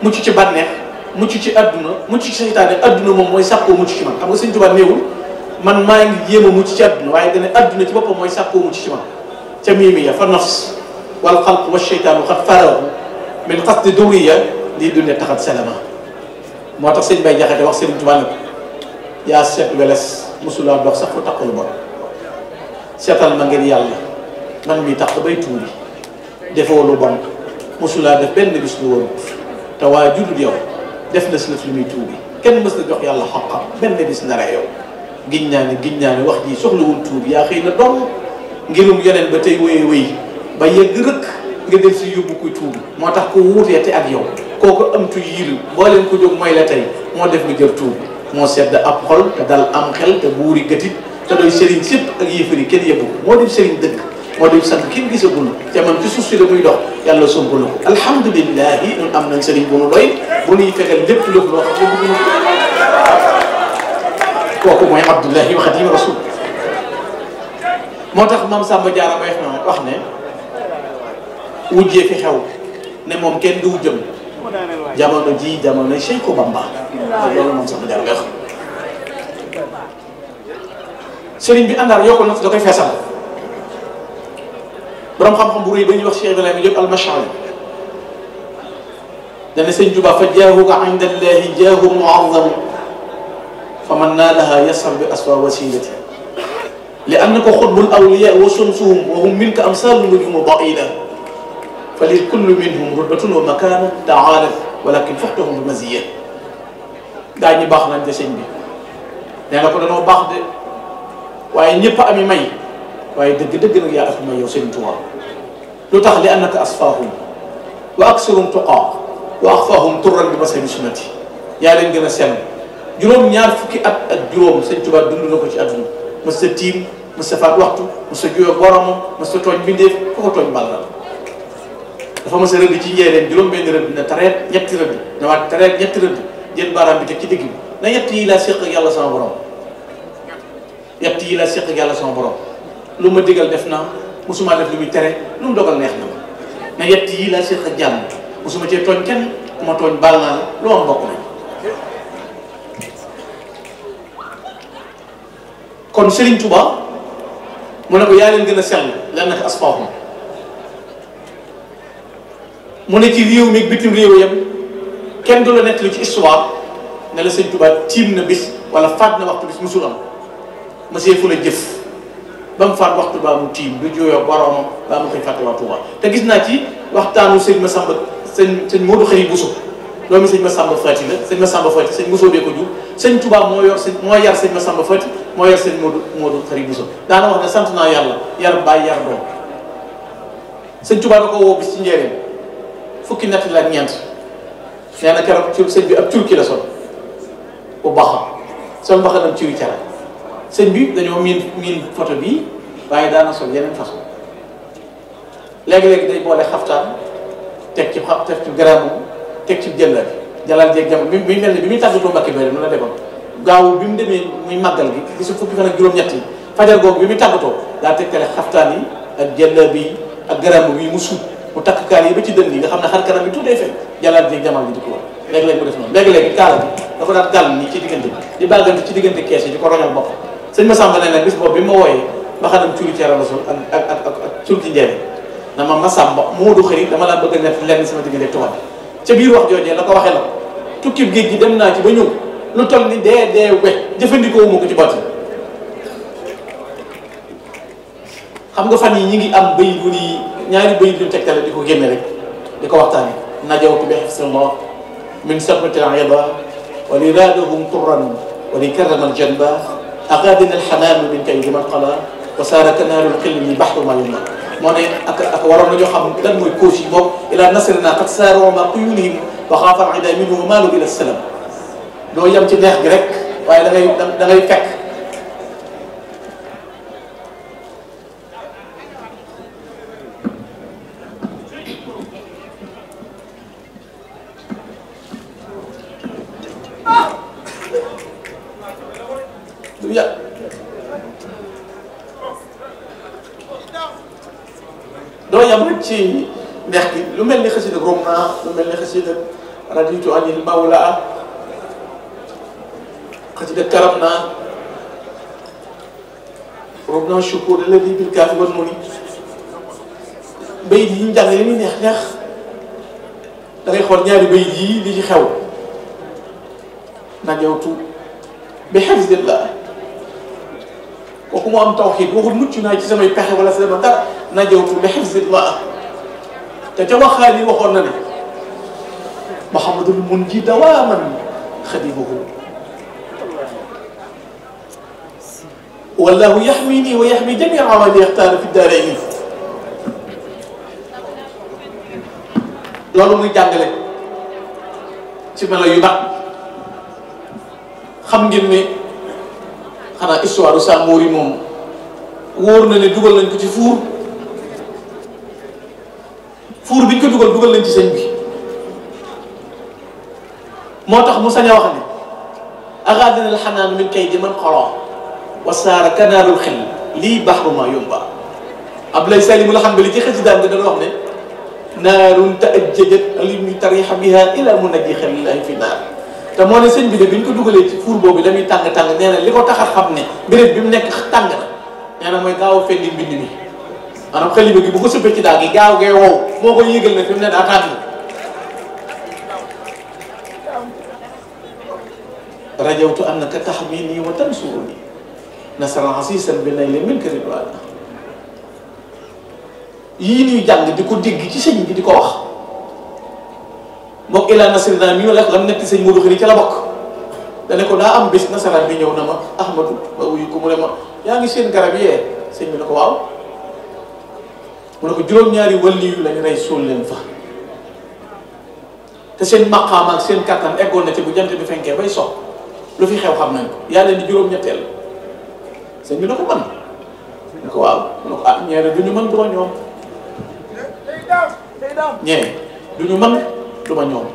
mucc ci bànneex mucc ci adduna mucc ci seytaane adduna moom mooy sàkkoo mucc ci man xam nga Sëñ Tuubaa néewul man maa ngi jéem a mucc ci àdduna waaye dana àdduna ci boppam mooy sàkkoo mucc ci man ca miimiya fa nafs wal xalq wa cheytaanu xat farahu min qasdi ya lii dundee taxat salama moo tax sëñ Bay Jaxate wax Sëriñ Tuubaa nag yaa seet weles dox sax fu taq lu bon ma ngeen yàlla man mii taq bay tuubi defoo lu bon mosulaa def benn bis lu woon te waa judul yow def na si la lu muy tuubi kenn mës na jox yàlla xaqam benn bis na yow. giñ naa ne giñ naa ne wax ji soxlawul tuub yaa xëy na dong ngirum yoneen ba tey wéy wéy ba yegg rëkk nga def si yóbbu ko tuub moo tax ko wuutee te ak yow kooku amtu yiilu boo leen ko jóg mooy la tey moo def lu jër moo sedd ab xol te am xel te buuri gëtit te doy sëriñ sëpp ak yéefari kenn yëpp moo def sëriñ dëkk moo def sant kenn gisagul te man ci suuf si la muy dox yàlla somb na ko alhamdulillahi ñun am nañ sëriñ bu nu doy bu nuy fegal lépp lépp loo xam ne bëgg na ko kooku mooy Abdullahi wa Xaadimu Rasuul moo tax maam Samba Diarra wax na wax ne wujjee fi xew ne moom kenn du wujjam jamono ji jamono Cheikhu Bamba loolu moom Samba Diarra ngay wax sëriñ bi àndaar yokkul na xam-xam bu rëy ba wax Cheikh Ibrahima Diop al-Mashari dana sëñ fa jaahu inda Allaahi jaahu muazzam fa man naalaha yasar bi aswa wasilati li annaka xutbul awliya wa shamsuhum wa hum minka amsaalu nujumu baida fa li kulli minhum rutbatun wa makaana taalat walakin faxtahum bi maziya gaa ñi baax nañ de sëñ bi nee na ko danoo baax de waaye ñëpp a ami may waaye dëgg-dëgg nag yaa ak may yow sëñ Tuubaa lu tax li annaka asfaahum wa aksarum tuqaa wa axfaahum turran bi basari sunnati yaa leen gën a sell juróom ñaar fukki at ak juróom sëñ Tuubaa dund na ko ci àdduna ma sa tiim mës sa faat waxtu mës sa juyoo boromam mës sa tooñ la dafa mës a rëdd ci njéeréen juróom benn rëdd ñetti rëdd ñëwaat tareet ñetti rëdd jël bi ci digg na ñett yi laa séq yàlla sama borom ñett yi laa séq ma digal def naa musuma def lu muy tere lu mu dogal neex na ma na ñett yi laa séq ak jàmm tooñ kenn ku ma tooñ baal naa la lu am bokk na kon Serigne Touba mu ne ko yaa leen gën a seetlu lan naka asfaw mu ne ci réew mi bitim réew yam kenn du la nekk lu ci histoire ne la Serigne Touba tiim na bis wala faat na waxtu bis musul am monsieur fu la jëf ba mu faat waxtu baa mu tiim du jooyoo boroomam baa mu koy fàtte waa Touba te gis naa ci waxtaanu sëñ Massamba sëñ sëñ Modou Xëy Bousso doomi sëñ Massamba Fati la sëñ Massamba Fati sëñ Bousso bee ko jur sëñ Touba moo yor sëñ moo yar sëñ Massamba moo yor sëñ Modou Modou Khari Bousso daana wax ne sant naa yàlla yar bàyyi yar doom sëñ Tuubaa da ko woo bis ci njëriñ fukki nett la ak ñeent nee na keroog ci sëñ bi ab turki la sol bu baax sol mbaxa nam ciwi cara sëñ bi dañoo miin miin photo bii waaye daana sol yeneen façon léegi-léegi day boole xaftaan teg ci xaf teg ci garabu teg ci jëlla la jalal jeeg bi bi muy mel ne bi muy tàggatoo mbakki bari mun la defoon gaaw bi mu demee muy màggal gi gisu fukki fan ak juróom-ñett yi fajar googu bi muy tàggatoo daa tegtale xaftaan yi ak jëlla bi ak garamb bi mu suut mu takk kaal yi ba ci dënd nga xam ne xar kanam bi tuddee fekk jàllaat jéeg jamal ji di ko war léegi-léegi mu def noonu léegi nii ci diggante bi di bàggante ci diggante kees yi di ko roñal bopp sëñ ma sàmba ne nag bis boobu bi ma wooyee ba xam ne curi ceera rasul ak ak ci njeene na ma ma sàmba moodu xëri dama laa bëgg a nekk lenn sama diggante tubaab ca biir wax joojee la ko waxee la tukkib géej gi dem naa ci ba ñëw lu toll ni dee de we jëfandikoo wu ma ko ci bàtt xam nga fan yi ñi ngi am bayit wu ni ñaari bayit yu tegtale di ko génne rek di ko waxtaane najawtu bi hifzillah min sabati al-ida wa li raadahum turran wa li karrama al-janba aqadina al-hanaam min kaydi man qala wa saara kanaaru al-qilmi bahru ma yumna moo ne ak ak waroon nañoo xam lan mooy kóos yi moom ila nasrina qad saara wa ma quyunihim wa xaafa al-ida minhu wa maalu ila salam doo yem ci neex gi rek waaye da ngay da ngay fekk doo yam ci neex gi lu mel ni xasida Romna lu mel ni xasida raditu anil mawla xasida karam naa rob naa shukur la di biir kaafi wan mu ni bayit yi ñu jàng li muy neex neex da ngay xool ñaari bayit yi li ci xew najawtu bi hafzillah kooku moo am tawxiid waxul mucc naa ci samay pexe wala sama dara najawtu bi hafzillah te ca waxaat yi waxoon na ne Muhammadul mun ji dawaaman xadimuhu wallahu yaxmini wa yaxmi jamia man yaxtaara fi daarayni loolu muy jàngale ci melo yu baax xam ngeen ne xanaa histoire Samori moom wóor na ne dugal nañ ko ci fuur fuur biñ ko dugal dugal nañ ci sëñ bi moo tax mu sañ a wax ne agadina alxanaan min kay di man xoloo wasaara kanaarul xel lii baxruma yomba Abdoulaye Salim mu la xam ba li ci xëcc daan dana wax ne naarun taajjajat alimu tarixa biha ila munajji xelillahi fi naar te moo ne sëñ bi bi ñu ko dugalee ci fuur boobu damay tàng-tàng nee na li ko tax xam ne béréb bi mu nekk tàng na nee mooy gaaw fendi mbind mi maanaam xalima gi bu ko sëppee ci daa gi gaaw gee wow moo ko yégal ne fi mu ne daa tàng rajawtu annaka taxmini wa tansuruni nasran asiisan bi naylin minka ridwaana yii ñuy jàng di ko dégg ci sëñ bi di ko wax moom ilaa nasrinaa mi ñu lekk lam nekk sëñ Modou Khari ca la bokk dane ko daa am bés nasaraan bi ñëw na ma ahmadu ba wuyu ko mu ne ma yaa ngi seen garab yee sëñ bi ne ko waaw mu ne ko juróom-ñaari wàlli yu lañu rey suul leen fa te seen maqaam ak seen kattan eggoon na ci bu jant bi fenkee bay so lu fi xew xam nañ ko yaa di juróom-ñetteel sëñ bi na ko mën ñu ko waaw mu ne ko ah ñee ne du ñu mën du ma ñoom ñee du ñu mën du ma ñoom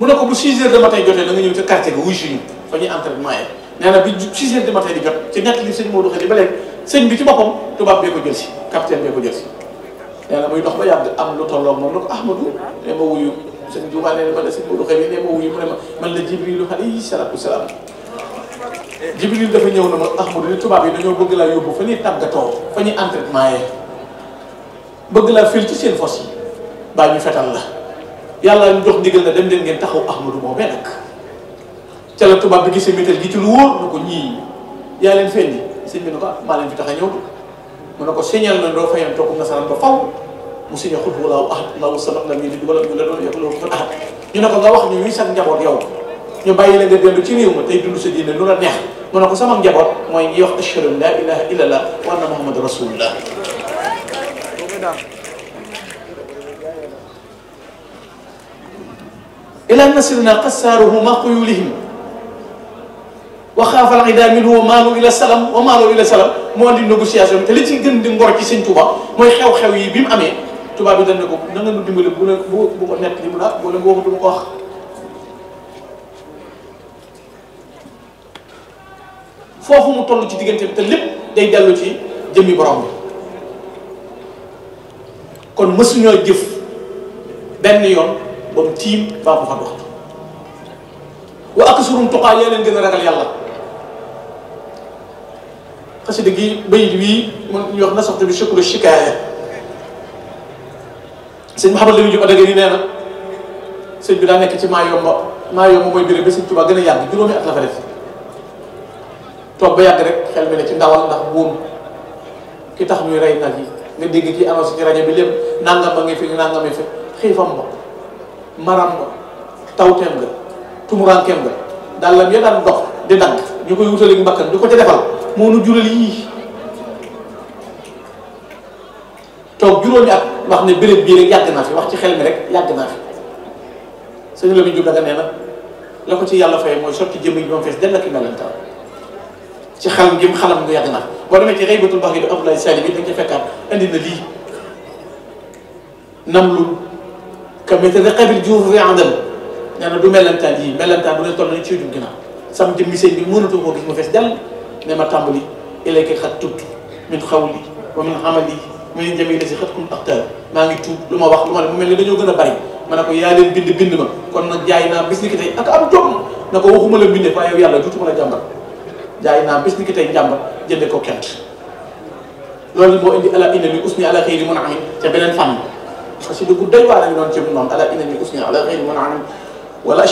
mu ne ko bu 6 heures de matin jotee da nga ñëw ca quartier ga wuy si ñu fa ñuy entraînement yi nee na bi 6 heures de matin di jot ci ñett li sëñ Modou Khady ba léegi sëñ bi ci boppam tubaab bee ko jël si capitaine bee ko jël si nee na muy dox ba yàgg am lu tolloog moom la ko Ahmadou ne ma wuyu sëñ Touba nee na ma ne sëñ Modou Khady ne ma wuyu mu ne ma man la Jibrilu alayhi salaatu wasalaam Jibril dafa ñëw na ma Ahmadu ni tubaab yi dañoo bëgg laa yóbbu fa ñuy tàggatoo fa ñuy entraînement yee bëgg laa fil ci seen fos yi baa ñu fetal la yàlla ñu jox ndigal la dem leen ngeen taxaw Ahmadu boobee nag ca la tubaab bi gisee métal gi ci lu wóor na ko ñii yaa leen feeñ sëñ bi ne ko ah, maa leen fi tax a ñëw mu ne ko signal na doo fayam toog nga sanam ba faw mu signé xul walaaw ahad laaw samat lam yi di wala ñu la doon yokk loolu ahad ñu ne ko nga wax ñu ñuy sag njaboot yow ñu bàyyi la nga dellu ci réew ma tey dund sa diine lu la neex mu ne ko sama njaboot mooy ñi wax ashhadu an la ilaha illa allah wa anna muhammadu na ila nasrina qassaaruhu ma quyulihim wa xaafa al ida minhu wa maalu ila salam wa maalu ila salam moo andi négociation bi te li ci gën di ngor ci sëñ Tuuba mooy xew-xew yi bi mu amee Tuuba bu dañ ne ko na nga nu dimbale bu la bu bu ko nett li mu ah la wala nga waxatu ma ko wax foofu mu toll ci diggante bi te lépp day dellu ci jëmmi borom bi kon mësuñoo jëf benn yoon ba mu tiim baa mu fa dox wa ak surum tuqaa yee gën a ragal yàlla xasida gi bayit wii mun ñu wax nasaxtu bi shukru shikaaya sëñ Mouhamed Lamine Diop Adagani nee na sëñ bi daa nekk ci maa yomba maa yomba mooy béré ba sëñ Tuubaa gën a yàgg juróomi at la fa def toog ba yàgg rek xel ci ndawal ndax buum ki tax ñuy rey nag yi nga dégg ci annoncé ci rajo bi lépp nangam ba ngi fi nangami fi xiifam ba maram ba tawteem ga tumurankeem ga dàllam ya daan dox di dang ñu koy wutali di ko ca moo nu jural yii toog juróomi wax ne béréb bii rek yàgg naa fi wax ci xel mi rek yàgg naa fi sëñ la muy jub da nga nee na la ko ci yàlla fay mooy sotti jëmm yi ba mu fees dell ak i ci xalam gi mu xalam nga yàgg na boo demee ci Ghaybatul Bahri bi Abdoulaye Sali bi dañ ca fekkaat indi na lii nam lu ka météo xabil juuf bi na du melantaan yii melentaan bu ne toll nañ ci jum ginnaaw sam jëmmi sëñ bi mënatu moo gis ma fees dell ne ma tàmbali ilayka xat tubtu min xawli wa min amali min a si xat kum aktar maa ngi tuub lu ma wax lu ma def mel ni dañoo gën a bari ma ne ko yaa leen bind bind ma kon nag jaay naa bis ni ki tey ak am jom na ko waxuma la bindee waaye yow yàlla duutuma la jàmbat jaay naa bis ni ki tey njàmba jënde ko kent loolu moo indi ala ina li usni ala xëy mun a amin ca parce que bu doy waar lañu doon ci noonu ala ina a amin wala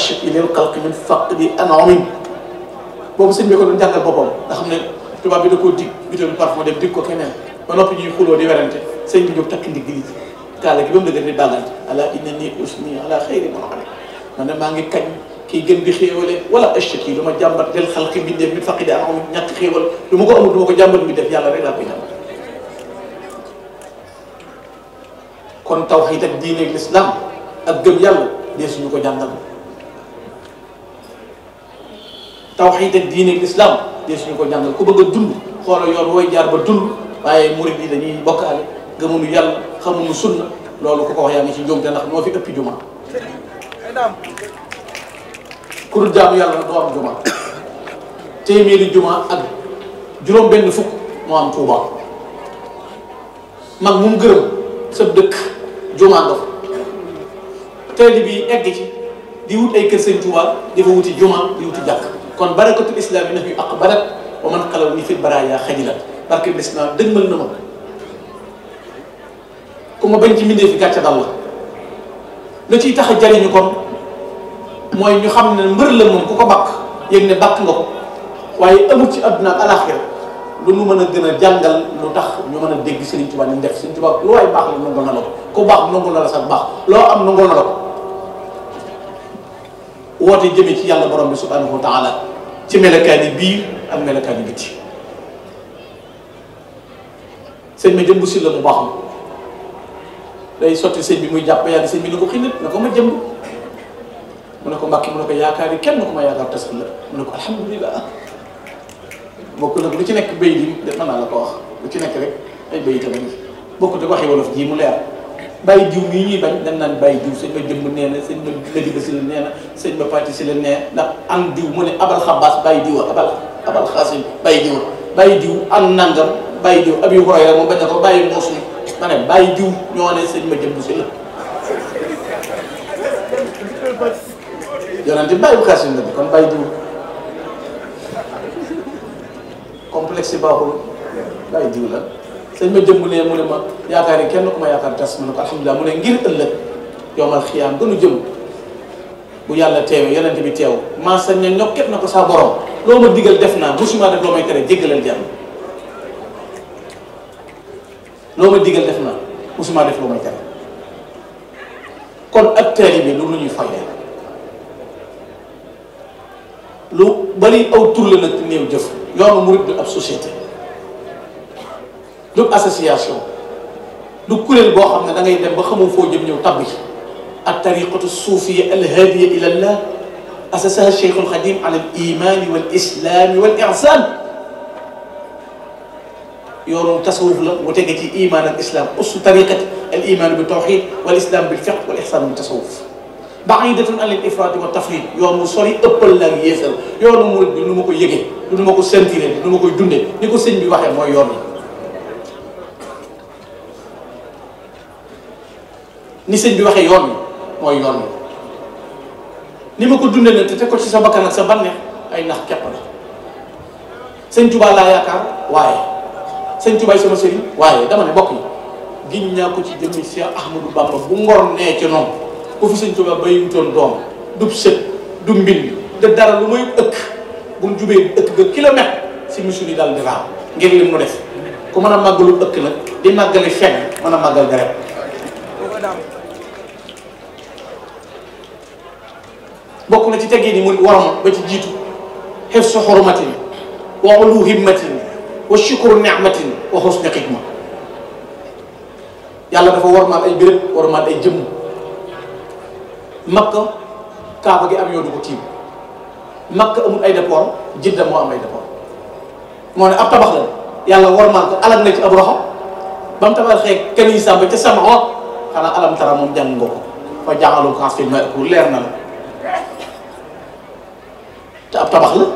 koo dig dem ba noppi ñuy xuloo di werante maa ngi kañ kii gën di xéewale wala ëchec yi lu ma jàmbat del xal ki mbindeef mi faqi de amam ñàkk xéewal lu ma ko amul du ko jàmbat mi def yàlla rek laa koy jàmbat kon tawxiid ak ak lislaam ak gëm dee suñu ko jàngal tawxiid ak diine ak lislaam dee suñu ko jàngal ku bëgg a dund xoola yoon wooy jaar ba dund waaye murid yi dañuy bokkaale gëmuñu yàlla xamuñu sunna loolu ku ko wax yaa ngi ci njuumte ndax moo fi ëpp jumaa ku dul jaamu yàlla doo am juma téeméeri juma ak juróom-benn fukk moo am Tuuba mag mu gërëm sa dëkk juma nga fa teel bi egg ci di wut ay kër sëñ Tuuba di fa wuti juma di wuti jàkk kon barakatul islam yi na fi aqbarat wa man xalaw ni fi baraaya xajilat barke bi islam dëgmal na ma ku ma bañ ci mbindee fi gàcce dal la lu ciy tax jariñu kon. mooy ñu xam ne mbër la moom ku ko bakk yëg ne bakk nga ko waaye amul ci àdduna ak alaxira lu nu mën a gën a jàngal lu tax ñu mën a dégg Serigne Touba ni def Serigne Touba lu waay baax la nangu na la ko ku baax nangu na la sax baax loo am nangu na la ko woote jëmee ci yàlla borom bi subhanahu wa taala ci melakaani biir ak melakaani biti sëñ ma jëmb si bu baax ma day sotti sëñ bi muy jàpp yàlla sëñ bi ni ko xinit na ma jëmb mu ne ko mbàkki mu ne ko yaakaar yi kenn mu ko ma yaakaar tas la mu ne ko alhamdulilah bokk nag lu ci nekk béy bi de mën naa la ko wax lu ci nekk rek ay béy tamit bokk te waxi wolof jii mu leer bàyyi jiw mii ñuy bañ dañ na sëñ ma ladiba si la nee na sëñ ma pàcc si la nee ndax am diw mu ne abal xabaas bàyyi diw abal abal xaasim bàyyi diw bàyyi diw am nangam bàyyi diw abi hurayra moom bañ na ko bàyyi moos mi ma ne bàyyi diw ñoo ne sëñ ma jëmb si la yonent bàyyiwul xaalis yu ndënd kon bàyyi diw complexe baaxul bàyyi diw la sëñ ma jëmbulee mu ne ma yaakaar kenn ku ma yaakaar tas ma ne ko alhamdulilah mu ne ngir ëllëg yomal xiyaam gënu jëm bu yàlla teewee yonent bi teew maa sañ na ñokket na ko saa borom loo ma digal def naa musuma def loo may tere jéggalal jàmm loo ma digal kon ak taalibe bi loolu la ñuy fayee lu bari aw tur la nag néew jëf yoonu murid du ab société du association du kuréel boo xam ne da ngay dem ba xamoo foo jëm ñëw tabbi at tariqatu suufiya alhaadiya ila llah asasaha cheikh alxadim ala al imani wal islami wal ihsan yoonu tasawuf la bu tege ci iman ak islam ussu tariqat al iman bi tawxid wal islam bil fiq wal ihsan bi tasawuf ba'idatun anil ifraati wa tafriit yoon mu sori ëppal la ak yéesal yoonu murit bi nu ma ko yëgee nu ma ko sentiree nu ma koy dundee ni ko sëñ bi waxee mooy yoon ni sëñ bi waxee yoon mooy yoon ni ma ko dundee na te teg ko ci sa bakkan ak sa bànneex ay nax kepp la sëñ Tuubaa laa yaakaar waaye sëñ Tuubaa sama sëriñ waaye dama ne bokk yi giñ ñaa ko ci jëmmi Cheikh Ahmadou Bamba bu ngor nee ci noonu bu fi sëñ Tuubaa bàyyiwutoon doom du sët du mbind de dara lu muy ëkk bu mu jubee ëkk ga kilomètre si misu yi daal di ngir li mu def ku mën a màggalu ëkk nag di màggale a màggal garab bokk na ci tegee ni jiitu xef su xormatin wa ulu himmatin wa shukru nicmatin wa xusni yàlla dafa warmaal ay béréb warmaal ay jëmm makka kaaba gi am yoo du ko tiim makka amul ay déport jidda moo am ay déport moo ne ab tabax la yàlla warmaal ko alal na ci ab ba mu tabaxee kanisa ba ca sama o oh, xanaa alam tara moom jàng nga ko fa jaaxalul xaas fi leer na la te ab tabax la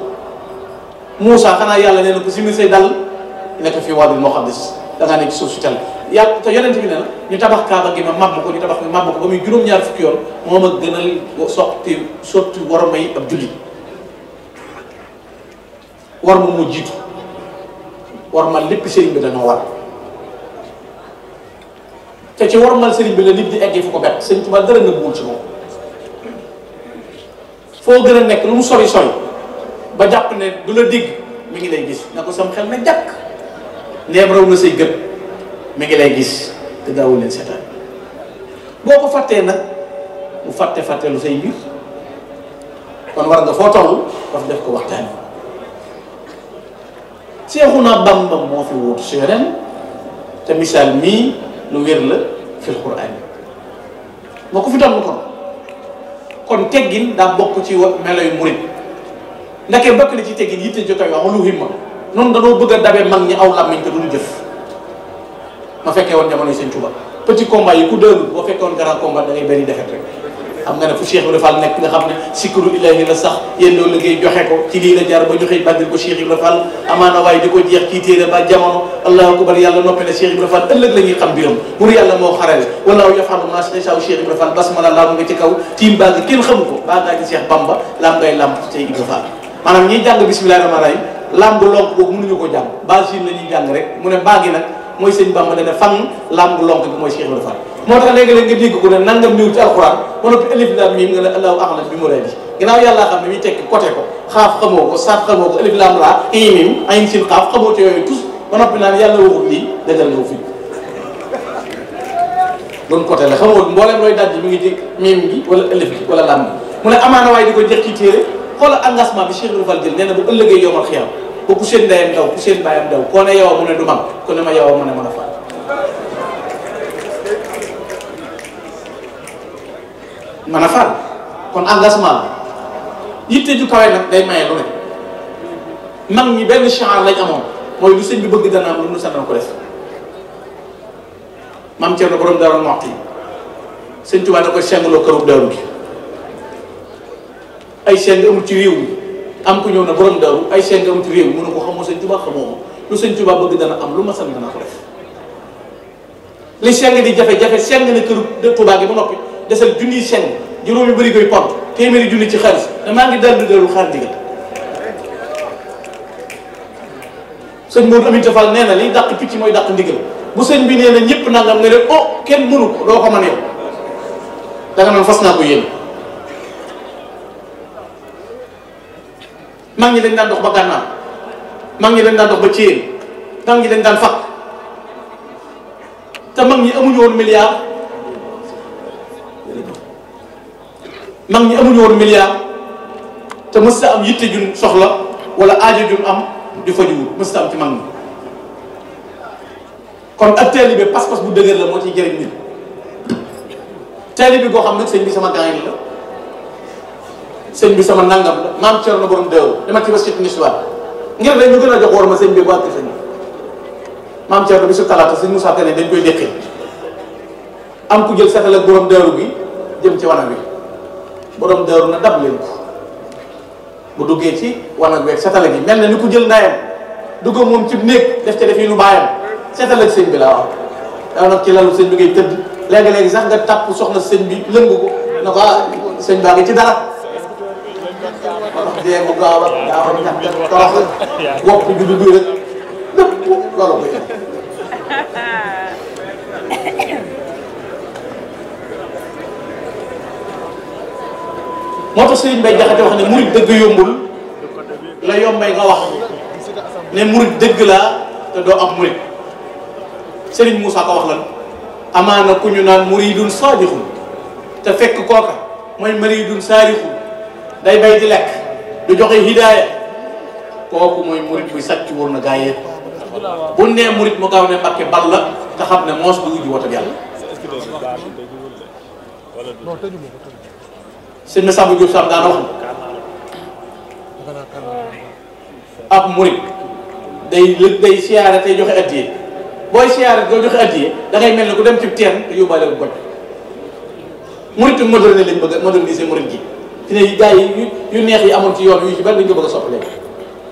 Moussa xanaa yàlla nee na ko simil say dal nekk fii waadul muqaddas dangaa ne soo suuf si cal yàlla te yonent bi ne na ñu tabax kaaba gi ma màmm ko ñu tabax ma màmm ko ba muy juróom-ñaar fukki yoon moom a gën a sotti war a may ab jullit war ma moo jiitu war ma lépp sëriñ bi dana war te ci warmal sëriñ bi la nit di eggee ko bett sëriñ Tuubaa dara nëbbuwul ci moom foo gën a nekk lu mu sori sori ba jàpp ne du la dégg mu ngi lay gis na ko sam xel ne jàkk ndeem raw na say gët mi ngi lay gis te daawul leen seetaan boo ko fàttee nag mu fàtte fàtte lu say mbir kon war nga foo toll daf def ko waxtaan Seexuna Bamba moo fi wut séeréen te misaal mii lu wér la fil Quraan moo ko fi toll kon kon teggin daa bokk ci melo yu murit ndake bokk na ci teggin yitte jokkoo yi wax lu himma noonu dañoo bëgg a dabe mag ñi aw làmmiñ te duñu jëf ma fekkee woon jamono yi sëñ Tuuba petit combat yi ku dëgg boo fekkee woon grand combat da benn defet rek xam nga ne fu Cheikh Ibra Fall nekk ne sikru ilahi la sax yéen joxe ko ci lii la jaar ba joxe bàddil ko ko jeex ci téere ba jamono allahu akbar yàlla noppi na Cheikh Ibra Fall ëllëg la ñuy xam nga ci kaw tiim baa kenn xamu ko baa ngaa di Cheikh Bamba laam ngay làmp ci Cheikh Ibra Fall maanaam ñiy jàng bismillahi rahmaani làmb lonk boobu mënuñu ko jàng basin la ñuy jàng rek mu ne baa gi nag mooy sëñ Bamba dana fang làmb lonk bi mooy Cheikh Ibrahima Fall moo tax léegi-léegi nga dégg ko ne nangam ñëw ci alxuraan ba noppi alif laam bi mu radi ginnaaw yàllaa xam ne mi tekki côté ko xaaf xamoo ko saaf xamoo ko alif laam raa ayn ba noppi naan yàlla waxut lii dajal ñëw fi doon côté la xamoo mi ngi ci miim wala alif wala làmb mu ne amaana waaye di ko jeex ci téere xoolal engagement bi Cheikh Ibra Fall jël nee bu ëllëgee yomal xiyam ba ku seen ndeyam daw ku seen bàyyam daw koo ne yow mu ne du man ku ne ma yow mu ne mën a faal mën a faal kon engagement la yitte ju kawe nag day maye lu ne mag benn change lañ amoon mooy lu sëñ bi bëgg dana am lu nu sandoon ko def maam Thierno borom Daaru Muxti sëñ Tuubaa da koy senguloo këru daaru gi ay seng amul ci réew mi am ko ñëw na borom daaru ay seng amul ci réew mi mu ne ko xamoo sëñ Tuubaa xamoo ma lu sëñ Tuubaa bëgg dana am lu ma sant dana def li seng di jafe-jafe seng na këru Tuubaa gi ba noppi desal junniy seng juróomi bëri koy pont téeméeri junni ci xaalis te maa ngi dal di dellu xaar ndigal sëñ Modou Aminta Fall nee na liy dàq picc mooy dàq ndigal bu sëñ bi neena na ñëpp nangam nga ne oh kenn mënu ko doo ko mën yow danga naan fas naa ko yéen mag ñi dañ daan dox ba gànnaar mag ñi dañ daan dox ba Thiel mag ñi dañ daan fakk te mag ñi amuñu woon milliard mag ñi amuñu woon milliard te mës ta am yitte jun soxla wala aajo jun am di fajuwul mës ta am ci mag ñi kon ak taalibe pas-pas bu dëgër la moo ciy jëriñ nit taalibe goo xam nag sëñ bi sama gaañ la sëñ bi sama nangam la maam na borom dëw dama ci ba sit niswaat ngir dañ ñu gën a jox war ma sëñ bi wàcc sëñ maam bi su talaata sëñ Moussa Kane dañ koy déqi am ku jël seetal ak borom dëw bi jëm ci wanag bi boroom dëw na dab leen ko bu duggee ci wanag weeg seetal gi mel na ni ku jël ndayam dugg moom ci néeg def ca def yi lu baayam seetal ak sëñ bi laa wax daw nag ci lalu sëñ bi tëdd léegi-léegi sax nga tàpp soxna sëñ bi lëng ko dee bu gaaw a daa ko ñax def torox moo tax Serigne Baye Jaxate wax ne murid dëgg yombul la yombay nga wax ne murid dëgg laa te doo am murid Serigne Moussa ko wax lan amaana ku ñu naan muridun saadixun te fekk kooka mooy muridun saarixun day bay di lekk du joxe hidaaya kooku mooy murit na gaa yéen bu mu gaaw ne Mbàkke bal la te xam ne moos du wujju woto yàlla sëñ na Samba Diop Samb daana wax na ab murit day day siyaare tey joxe addiye booy siyaare doo joxe addiye da mel ne ku dem ci teen te yóbbaale bu got murit moderne lañ bëgg moderniser murit gi ci ne gaa yi yu neex yi amoon ci yoon yu ci bari dañ ko bëgg a soppalee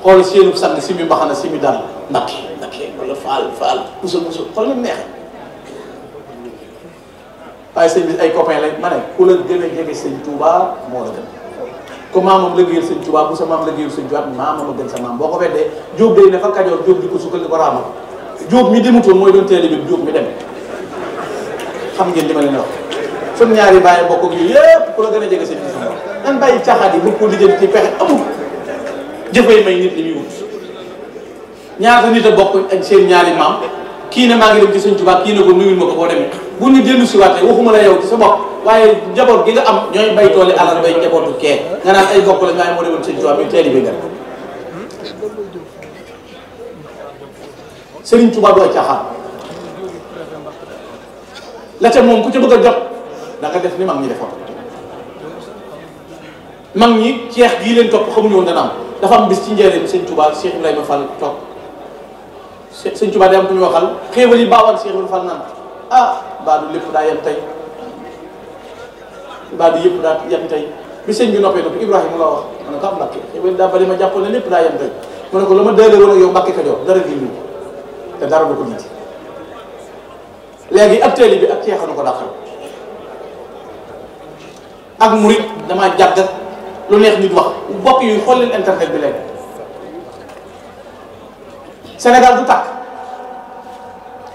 xool seenu sànni si mi mbaxana si mi daal ndax nakke wala faal faal musul musul xool na neex waaye sëñ bi ay copain lañ ma ne ku la gën a jege sëñ Touba moo la gën ko maamam lëggéeyal sëñ Touba bu sa maam lëggéeyal su Touba a gën sa maam boo ko weddee Jóob day ne fa Kajoor Jóob di ko mi demutoon mooy doon teel a jóg mi dem xam ngeen li ma leen wax suñ ñaari bàyyi bokk ak yii ku la gën a jege sëñ Touba nan bàyyi caaxaan yi bu ko lijjanti ci pexe amul jëfee may nit li muy wut ñaata nit a bokk ak seen ñaari maam kii ne maa ngi dem ci sëñ Tuubaa kii ne ko nuyul ma ko boo demee bu ñu dellu si waatee waxuma yow ci sa bopp waaye gi nga am ñooy bay tooli alal bay njabootu kee nga naan ay bokk la nga moo demoon sëñ Tuubaa bi teel bi nga sëriñ Tuubaa doo moom ku ca bëgg a jot da nga def ni mag ñi defoon mag ñi ceex gii leen topp xamuñu woon dana am dafa am bis ci njëriñ sëñ Touba Cheikh Ibrahima Fall toog sëñ Touba day am ku ñu waxal xéewal yi baawaan Cheikh Ibrahima Fall naan ah baadu lépp daa yem tey baadu yëpp daa yem bi sëñ bi noppee noppi la wax ma ne ah, daa bari ma jàppoon ne lépp daa yem tey ma ko la ma dëgëre woon ak yow Mbàkke Kajoor dara gi ñu te dara du ko jiiti léegi ab teeli bi ak ceexanu ko dàqal ak murit damaa jàggat lu neex nit wax bokk yuy xool leen internet bi léegi Sénégal du takk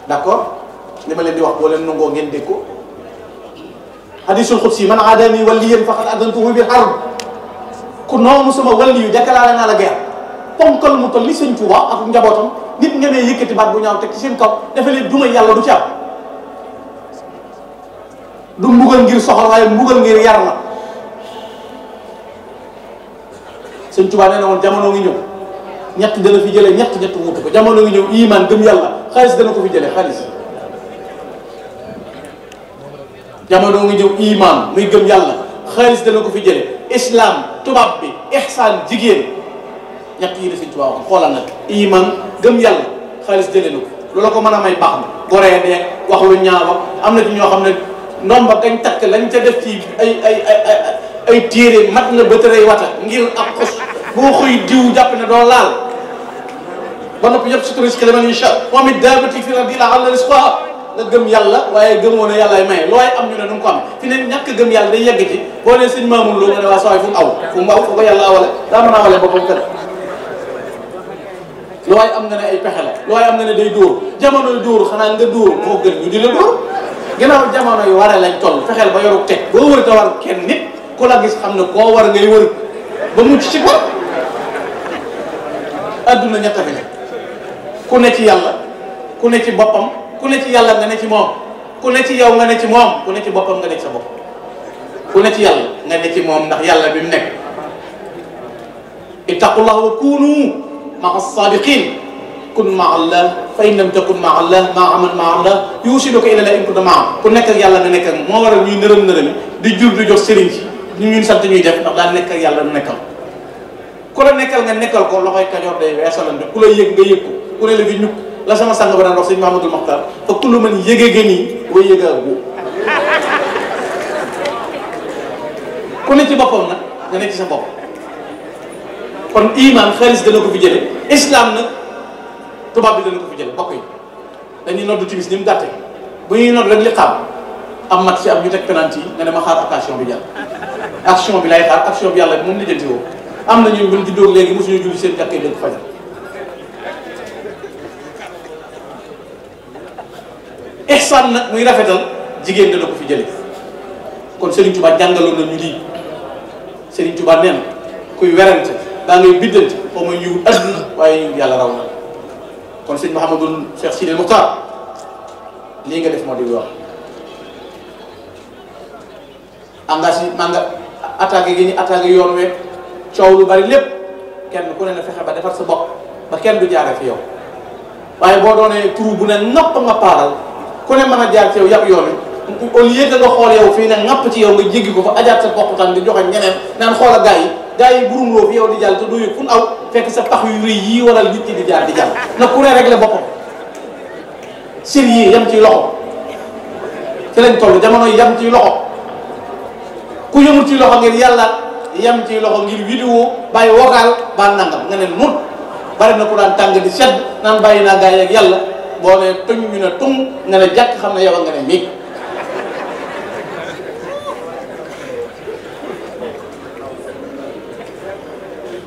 d'accord li ma leen di wax boo leen nangoo ngeen dégg ko hadisul si man aadani waliyan faqad adantuhu bil harb ku noonu sama wali yu déclaré naa la guerre ponkal mu toll li sëñ Tuubaa njabootam nit nga ne yëkkati baat bu ñaaw teg ci seen kaw dafa leen duma yàlla du ci am du mbugal ngir soxor waaye ngir yar sëñ Tuubaa nee na woon jamono ngi ñëw ñett dana fi jëlee ñett ñett wutu ko jamono ngi ñëw iman gëm yàlla xaalis dana ko fi jële xaalis jamono ngi ñëw iman muy gëm yàlla xaalis dana ko fi jëlee islam tubaab bi ihsaan jigéen ñett yi la sëñ Tuubaa wax xoolal nag iman gëm yàlla xaalis jëlee na ko loola ko mën a may baax na goree wax lu ñaaw am na ci ñoo xam ne ndomba gañ takk lañ ca def ci ay ay ay ay téere mat na bëtëray wata ngir ak xos boo xuy diw jàpp ne doo laal ba noppi yëpp suturis kaliman incha moom it daabati fi rabbi la àlla risqa nga gëm yàlla waaye gëmoo ne yàllaay maye looy am ñu ne nu mu ko am fi ne ñàkk gëm yàlla day yegg ci boo nee sëñ maamul loo nga ne waa sawaay fu mu aw fu aw fu ko yàlla awale daa mën a awale boppam kër looy am nga ne ay pexe la am nga ne day dóor jamonoy dóor xanaa nga dóor moo gën ñu di la dóor ginnaaw yi waree lañ toll fexeel ku la gis xam ne ko war ngay wër ba mucc ci ko adduna ñett fi ne ku ne ci yàlla ku ne ci boppam ku ne ci yàlla nga ne ci moom ku ne ci yow nga ne ci moom ku ci boppam nga ne ci sa bopp ku ne ci yàlla nga ne ci moom ndax yàlla bi mu nekk ittaqullah wa kunu maa saadiqin kun maa allah fa in lam takun maa allah maa aman maa allah yuusiluka ila la in kunta maa ku nekk ak yàlla nga moo waral ñuy nërëm di jur di jox sëriñ si ñu ñun sant ñuy def ndax daal nekkal yàlla nekkal ku la nekkal nga nekkal ko loxoy kajoor day yëg nga yëg ko ku ne la fi ñukk la sama sàng ba daan wax sëñ Mahamadul Maxtar fa ku lu man ci boppam nag nga ne sa bopp kon iman xaalis dana ko fi jële islam nag tubaab bi dana ko fi jële bokk yi dañuy noddu timis ni mu gàtte bu ñuy nodd rek li xam am mat si am ñu teg penalty nga ne ma xaar occasion bi jàll action bi lay xaar action bi yàlla bi moom lijjanti woo am na ñu buñ ci dóog léegi mosuñu julli seen jàkkee dëkk fajar ihsaan nag muy rafetal jigéen dana ko fi jële kon Serigne Touba jàngaloon na ñu lii Serigne Touba nee na kuy werante daa ngay biddante xaw ma yiw waaye yiw yàlla raw na kon sëñ Mouhamadou Cheikh Sidil Mokhtar lii nga def moo di wax engagé maa nga attaqué gi ñu attaqué yoon we coow lu bari lépp kenn ku ne na fexe ba defar sa bopp ba kenn du jaare fi yow waaye boo doonee trou bu ne napp nga paaral ku ne mën a jaar ci yow yàpp yoon wi au lieu que nga xool yow ne napp ci yow nga jéggi ko fa ajaat sa bopp tam di joxe ñeneen naan gaa yi gaa yi burum loo fi yow di jàll te du yëg fu aw fekk sa pax yu rëy yii waral nit di jaar di jàll na ku ne réglé boppam sër yii yam ciy loxo ci lañ toll jamono yam ciy loxo ku yëmul ci loxo ngir yàlla yem ci loxo ngir vidéo bàyyi vocal ba nangam nga ne mun bari na ku daan tàng di sedd naan bàyyi naa gaa yeeg yàlla boo ne tuñ ñu ne tum nga ne jàkk xam ne yow nga ne miig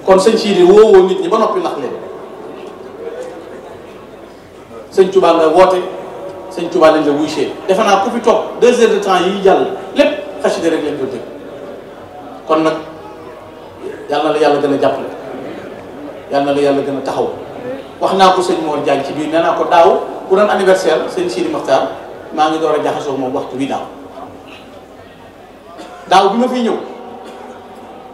kon sëñ Siidi woowoo nit ñi ba noppi nax leen sëñ Tuubaa nga woote sëñ Tuubaa lañ wuy see defe naa ku fi toog deux heures de temps yi jàll lépp xasida rek lañ ko kon nag yal la yàlla gën a jàppale yal na la yàlla gën a taxaw wax naa ko sëñ moo Diagne ci biir nee naa ko daaw ku doon anniversaire sëñ Sidi Mokhtar maa ngi door a jaxasoo moom waxtu bi daaw daaw bi ma fiy ñëw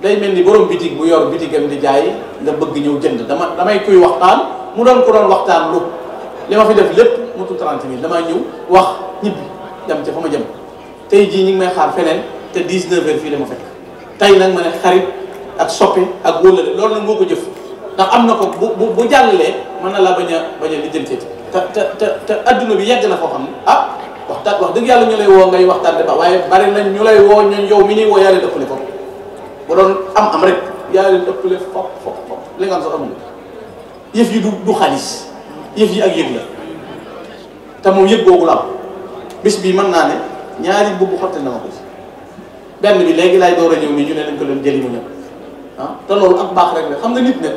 day mel ni boroom bitig bu yor bitigam di jaay nga bëgg ñëw jënd dama damay kuy waxtaan mu doon ko doon waxtaan lu li ma fi def lépp mu tudd 30 000 damay ñëw wax ñibbi dem ca fa ma jëm tey jii ñu ngi may xaar feneen te 19 heures fii la ma tey nag ma ne xarit ak soppi ak wóllare loolu nag moo ko jëf ndax am na ko bu bu bu mën na laa bañ a bañ a lijjanteeti te te adduna bi yegg na foo xam ne ah waxtaan wax dëgg yàlla ñu lay woo ngay waxtaan ba waaye bari nañ ñu lay woo ñun yow mi ñuy woo yaa dëpp ëppale foofu bu doon am am rek yaa leen ëppale foofu am sax yëf yi du du xaalis yëf yi ak yëg la te moom yëg googu la am bis bii mën naa ne ñaari boobu xotte na ma ko benn bi léegi laay door a ñëw nii ñu ne nañ ko leen jëli mu ñëw ah te loolu ak baax rek la xam nga nit nag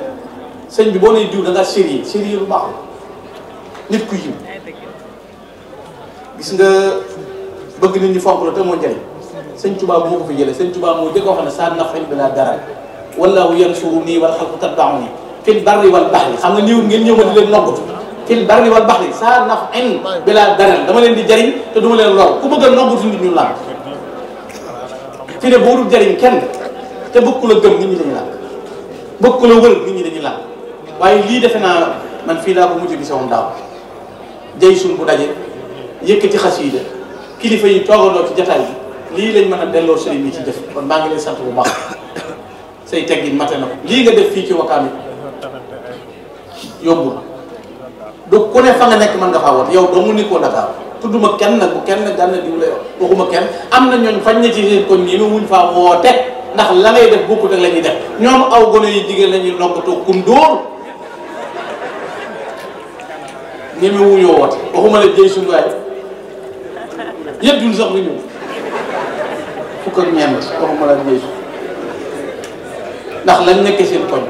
sëñ bi boo nee diw da ngaa sérieux sérieux bu baax nit ku yiw gis nga bëgg nit ñi fonk la te moo njëriñ sëñ Tuubaa moo ko fi jëlee sëñ moo jëkk a ne saa nafin bi laa dara wallahu yansuruni wal xalqu tatbauni fil barri wal baxri xam nga niw ngeen ñëw ma di leen noggatu fil barri wal baxri saa nafin bi laa dara dama leen di jariñ te du leen lor ku bëgg a noggatu nit ñu laaj fi ne boo dul jariñ kenn te bëgg la gëm nit ñi dañuy lànk bëgg la wël nit ñi dañuy lànk waaye lii defe naa man fii laa ko mujj gi sama daaw jay suñ bu daje yëkkati xasiida kilifa yi toogandoo ci jataay bi lii lañ mën a delloo sëriñ bi ci def kon maa ngi leen sant bu baax say teggin mate na ko lii nga def fii ci Wakaam yóbbu na du ku ne fa nga nekk man nga faa wat yow doomu nekkoo Dakar tudduma kenn nag bu kenn gànna diw la yor waxuma kenn am na ñooñ fañ na ci seen kon ñi ma wuñ faa woote ndax la ngay def bokkut ak la ñuy def ñoom aw gone yu jigéen la ñuy nokkatoo kum dóor ñi ma wuñoo woote waxuma la jëy suñu yëpp duñ sax lu ñëw fukk ak ñeent waxuma la jëy suñu ndax lañ nekkee seen koñ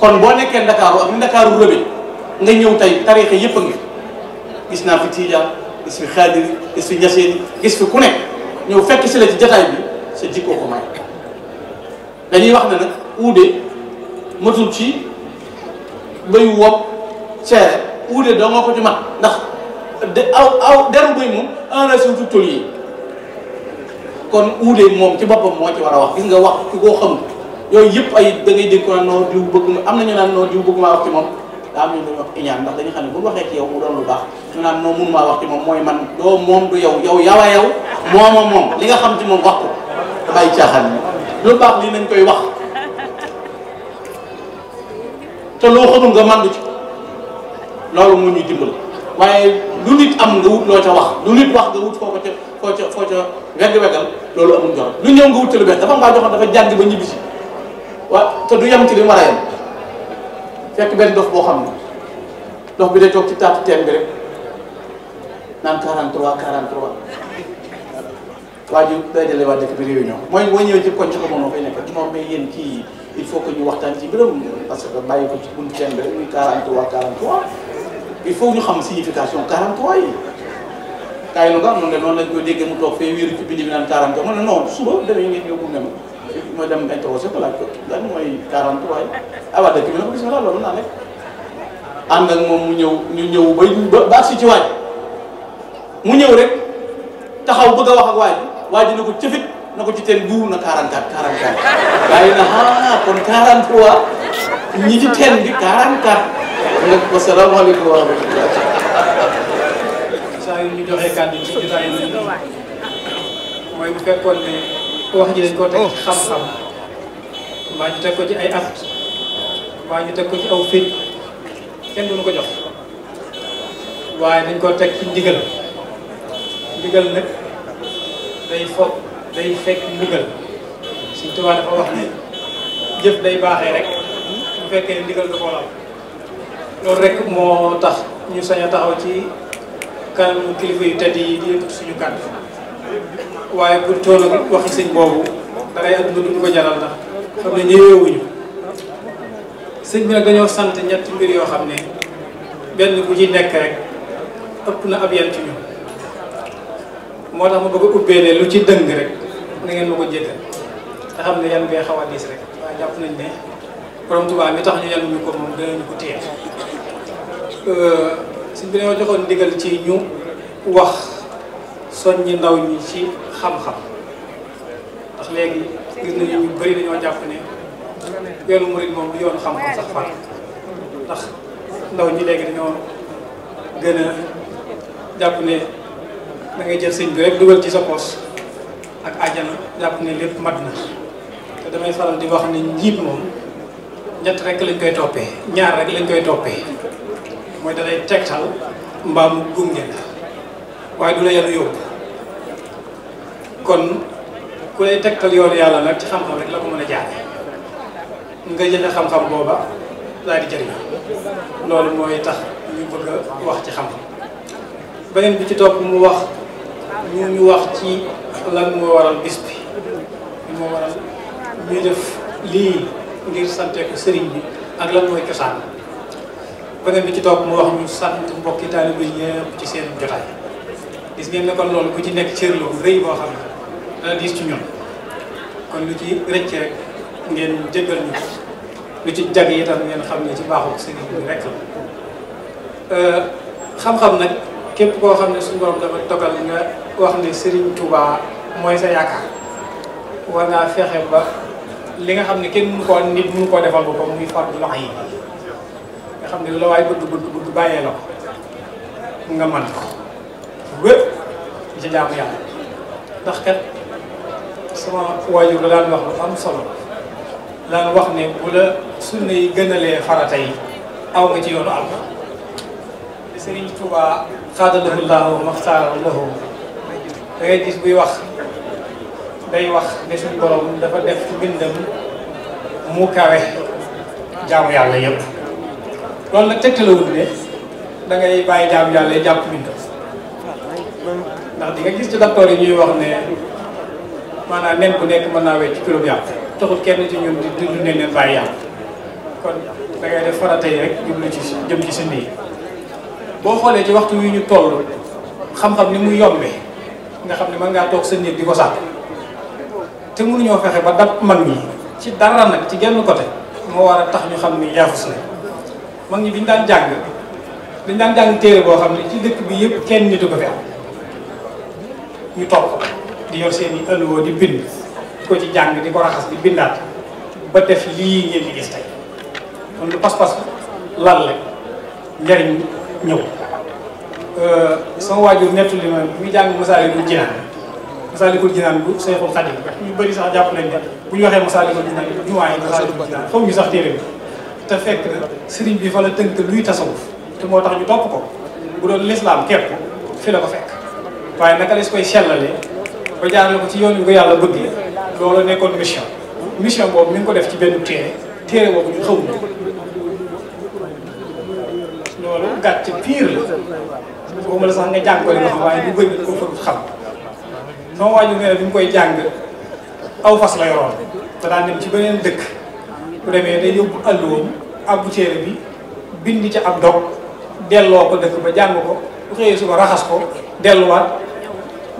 kon boo nekkee ndakaaru ak ndakaaru rëbe nga ñëw tey tariixa yëpp a ngi gis naa fi tiijaan gis fi xaadir gis fi ñaseen gis fi ku nekk ñëw fekk si la ci jataay bi sa jikkoo ko may dañuy wax ne nag uude matul ci bayu wopp uude doo nga ko ci mat ndax de aw aw deru bëy moom en surtout tool yi kon uude moom ci boppam moo ci war a wax gis nga wax ki koo xamul yooyu yëpp ay da ngay dégg ko naan diw bëgg ma am na ñu naan noo diw maa wax ci moom daa am lu ñuy iñaan ndax dañu xam ne bu ñu waxee ci yow mu doon lu baax ñu moom wax ci moom mooy man doo moom du yow yow yawa yow moom li nga xam ci moom wax ko baax lii nañ koy wax te loo xamul nga màndu ci loolu moo ñuy dimbal waaye lu nit am nga wut loo ca wax lu nit wax nga wut foo ko ca foo ca foo ca wegg-weggal loolu amul njort lu ñëw nga wut ca lu bees dafa am waa joxoon dafa jàng ba ñibbisi waa te du yem ci li mu war fekk benn dof boo xam ne dof bi day toog ci taatu teen bi rek naan 43 43 waa ji day dale waa dëkk bi réunion mooy mooy ñëwee ci koñ ci ko mënoo fay nekk moom mais yéen kii il faut que ñu parce que bàyyi ko ci buntu teen rek muy 43 43 il faut ñu xam signification 43 yi kaay lu nga am noonu de noonu lañ koy déggee mu toog fee wéeru ci bindi bi naan 43 ma ne non suba demee ngeen ñëw gunge ma mooy dem nga interrogé ko laaj ko lan mooy 43 yi ah waa na ko gis nga loolu naa nekk ànd ak moom mu ñëw ñu ñëw bay ba si ci mu ñëw rek taxaw bëgg a wax ak waaj waaj na ko cëfit na ko ci teen bu na 44 44 gars yi ah, kon 43 ñi ci teen bi 44 nag wasalaamaaleykum wa rahmatulah. saa yu ñu joxee kàddu ci jotaay bi wax ji dañ koo teg ci oh. xam-xam mbaa ñu teg ko ci ay at mbaa ñu teg ko ci aw fit kenn duñu ko jox waaye dañ koo teg ci ndigal ndigal nag day foog day fekk ndigal Sëñ Tuubaa dafa wax ne jëf day baaxee rek bu fekkee ndigal du ko loolu rek moo tax ñu sañ a taxaw ci kanamu kilifa yu tedd di yëkkati suñu kàddu waaye buñ toll waxi sëñ boobu dangay adduna duñ ko jaral ndax xam ne ñëweewuñu sëñ bi nag dañoo sant ñetti mbir yoo xam ne benn bu ci nekk rek ëpp na ab yan ci ma bëgg a lu ci dëng na ngeen ma ko jéggal te xaw a diis rek waaye nañ ne borom Tuubaa tax ñu yan ñu ko moom danañu ko téye euh, sëñ bi dañoo joxoon ndigal ci ñu wax soññi ndaw ñi ci xam-xam ndax léegi gis nañu ñu bëri dañoo jàpp ne yoonu murid moom du yoon xam-xam sax far ndax ndaw ñi léegi dañoo gën a jàpp ne da jël sëñ bi rek dugal ci sa poos ak àjjana jàpp ne lépp mat na te damay faral di wax ne njiit moom ñett rek lañ koy toppee ñaar rek lañ koy toppee mooy dalay tegtal mbaa mu gunge la waaye du la yenu yóbbu kon ku lay tegtal yoonu yàlla nag ci xam-xam rek la ko mën a jaare nga jëfe xam-xam booba laa di jëriñ loolu mooy tax ñu bëgg a wax ci xam-xam beneen bi ci topp mu wax ñu ñu wax ci lan moo waral bi moo def lii ngir sante ko sëriñ bi ak lan mooy cosaan beneen bi ci topp mu wax ñu sant mbokki taalibe yépp ci seen jotaay gis ngeen ne kon loolu ku ci nekk cër lu rëy boo xam ne dana diis ci ñun kon lu ci rëcc rek ngeen jëggal ñu lu ci jag itam ngeen xam ne ci baaxul sëriñ bi rek la euh, xam képp koo xam ne suñu borom dafa dogal nga ne Serigne Touba mooy sa yaakaar war ngaa fexe ba li nga xam ne kenn mënu koo nit mënu koo defal ba muy fardu loxo yi nga xam ne la waaye bëgg bëgg bëgg bàyyee la ko nga man wépp ci jaamu yàlla ndax kat sama waajur la daan wax lu am solo daan wax ne bu la sunna yi gënalee farata yi aw nga ci yoonu àlla sëriñ Tuubaa xaadalahu llaahu maxtaara lahu da gis buy wax day wax ne suñu borom dafa def mbindam mu kawe jaamu yàlla yëpp loolu nag tegtalawul ne da ngay bàyyi jaamu yàlla yi jàpp mbindam ndax di nga gis ci docteur yi ñuy wax ne maanaam nen ku nekk man naa wecc kilo yàpp taxul kenn ci ñun di dund ne leen bàyyi yàpp kon da ngay def farata yi rek jublu ci jëm ci sa nii boo xoolee ci waxtu wi ñu toll xam-xam ni muy yombe nga xam ne mën ngaa toog sa néeg di ko sàkk te mënuñoo fexe ba dab mag ñi ci dara nag ci genn côté moo war a tax ñu xam ni yaafus la mag ñi bi ñu daan jàng dañ daan jàng téere boo xam ne ci dëkk bi yëpp kenn nitu ko ñu topp di yor seeni i ëlluwoo di bind di ko ci jàng di ko raxas di bindaat ba def lii ngeen di gis tey kon lu lan la njariñ ñëw sama waajur nettu li ma muy jàng Masaalikul Jinaan Masaalikul Jinaan bu Seexul Xadiim ñu bari sax jàpp nañ ne bu ñu waxee Masaalikul Jinaan bu jumaa yi sax téere bi te fekk na sëriñ bi fa la tënk luy tasawuf te moo tax ñu topp ko bu doon lislaam képp fi la ko fekk waaye naka la si koy sellalee ba jaarale ko ci yoon wi ko yàlla bëggee loolu nekkoon mission mission boobu mi ngi ko def ci benn téere téere boobu ñu xaw na loolu gàtt pire la boobu la sax nga jàng ko li waaye ñu bëgg ko fa xam sama waajur nee na bi mu koy jàng aw fas la yoroon te daan ci beneen dëkk bu demee day yóbbu àlluwam abbu téere bi bind ci ab dog delloo ko dëkk ba jàng ko bu xëyee suba raxas ko delluwaat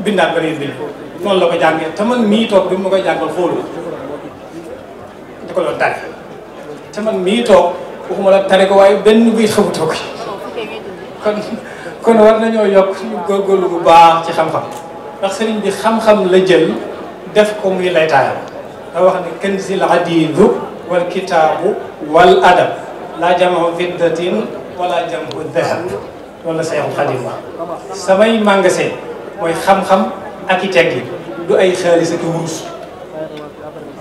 bindaat beneen bind noonu la ko jàngee te man mii toog bi ma ko jàngal xoolu da ko doon tari te man mii toog waxuma la tari ko waaye benn biy xamutoo ko kon kon war nañoo yokk suñu góorgóorlu bu baax ci xam-xam ndax sëriñ bi xam-xam la jël def ko muy lay taayam da wax ne kanzil hadiidu wal kitaabu wal adab laa jamaa fiddatin wala jamaa dahab loolu la Seexul Xadiim wax samay magasin mooy xam-xam ak i teggi du ay xaalis ak i wurus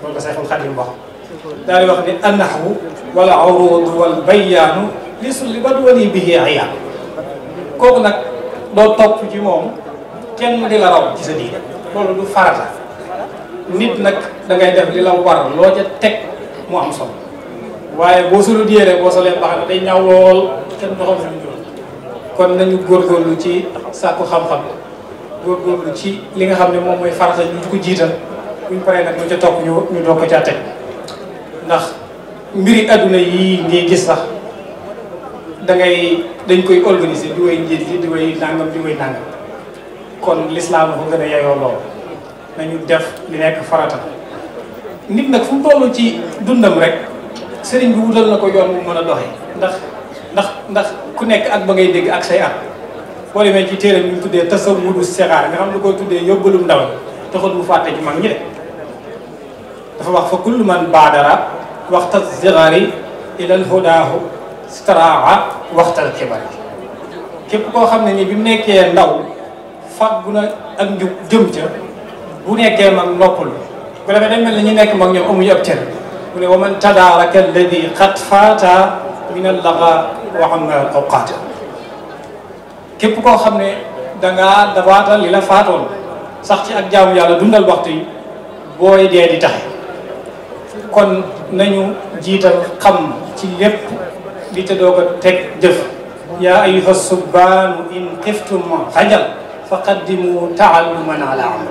loolu la Seexul Xadiim wax daal wax ne annaxwu wala awruudu wal bayyaanu li sulli bat wali bihi ayaan kooku nag doo topp ci moom kenn di la raw ci sa diine loolu du farata nit nag dangay ngay def li la war loo ca teg mu am solo waaye boo solo diere boo solee baax na day ñaaw lool kenn doxam kon nañu góorgóorlu ci sàkku xam-xam góorgóorlu ci li nga xam ne moom mooy farata ñu ko jiital buñ paree nag lu ca topp ñu ñu doog ko caa teg ndax mbiri àdduna yii ngay gis sax dangay dañ koy organiser di way njiit yi di way nangam di way nangam kon lislaam ko gën a yeyoo lool nañu def li nekk farata nit nag fu mu ci dundam rek sëriñ bi wutal na ko yoon mu mën a doxe ndax ndax ndax ku nekk ak ba ngay dégg ak say at boo demee ci téere bi ñu tuddee tasa mudu sexaar nga am lu koy tuddee yóbbalum ndaw taxul mu fàtte ci mag ñi de dafa wax fa kullu man baadara waxta zigari ilal hudaahu staraa waxtal kibari képp koo xam ne ni bi mu nekkee ndaw fàggu na ak njub jëm ca bu nekkee mag noppal bu defee dañ mel ne ñu nekk mag ñoom amuñu ab cër mu ne wa man tadaaraka alladi qad faata min allaga waxam nga awqaata képp koo xam ne dangaa dafaata li la faatoon sax ci ak jaamu yàlla dundal waxtu yi booy dee di taxe kon nañu jiital xam ci lépp li te doog a teg jëf yaa ayuha subbaanu in xiftum xajal fa qaddimu taalluman ala amal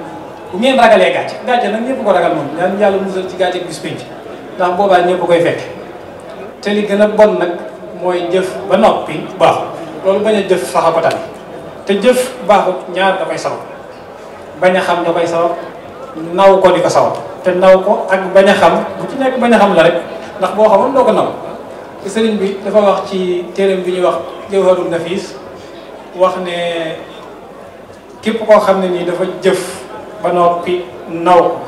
bu ngeen ragalee gàcce gàcce nag ñëpp ko ragal moom ñaan yàlla musal ci gàcce bis pénc ndax boobaa ñëpp koy fekk te li gën a bon nag mooy jëf ba noppi baaxut loolu bañ a jëf saxabatan te jëf baaxut ñaar da koy sabab bañ a xam da koy sabab naw ko di ko sabab te naw ko ak bañ a xam bu ci nekk bañ a xam la rek ndax boo xam doo ko naw sëriñ bi dafa wax ci téereem bi ñuy wax jawharul nafis wax ne képp koo xam ne nii dafa jëf ba noppi naw ko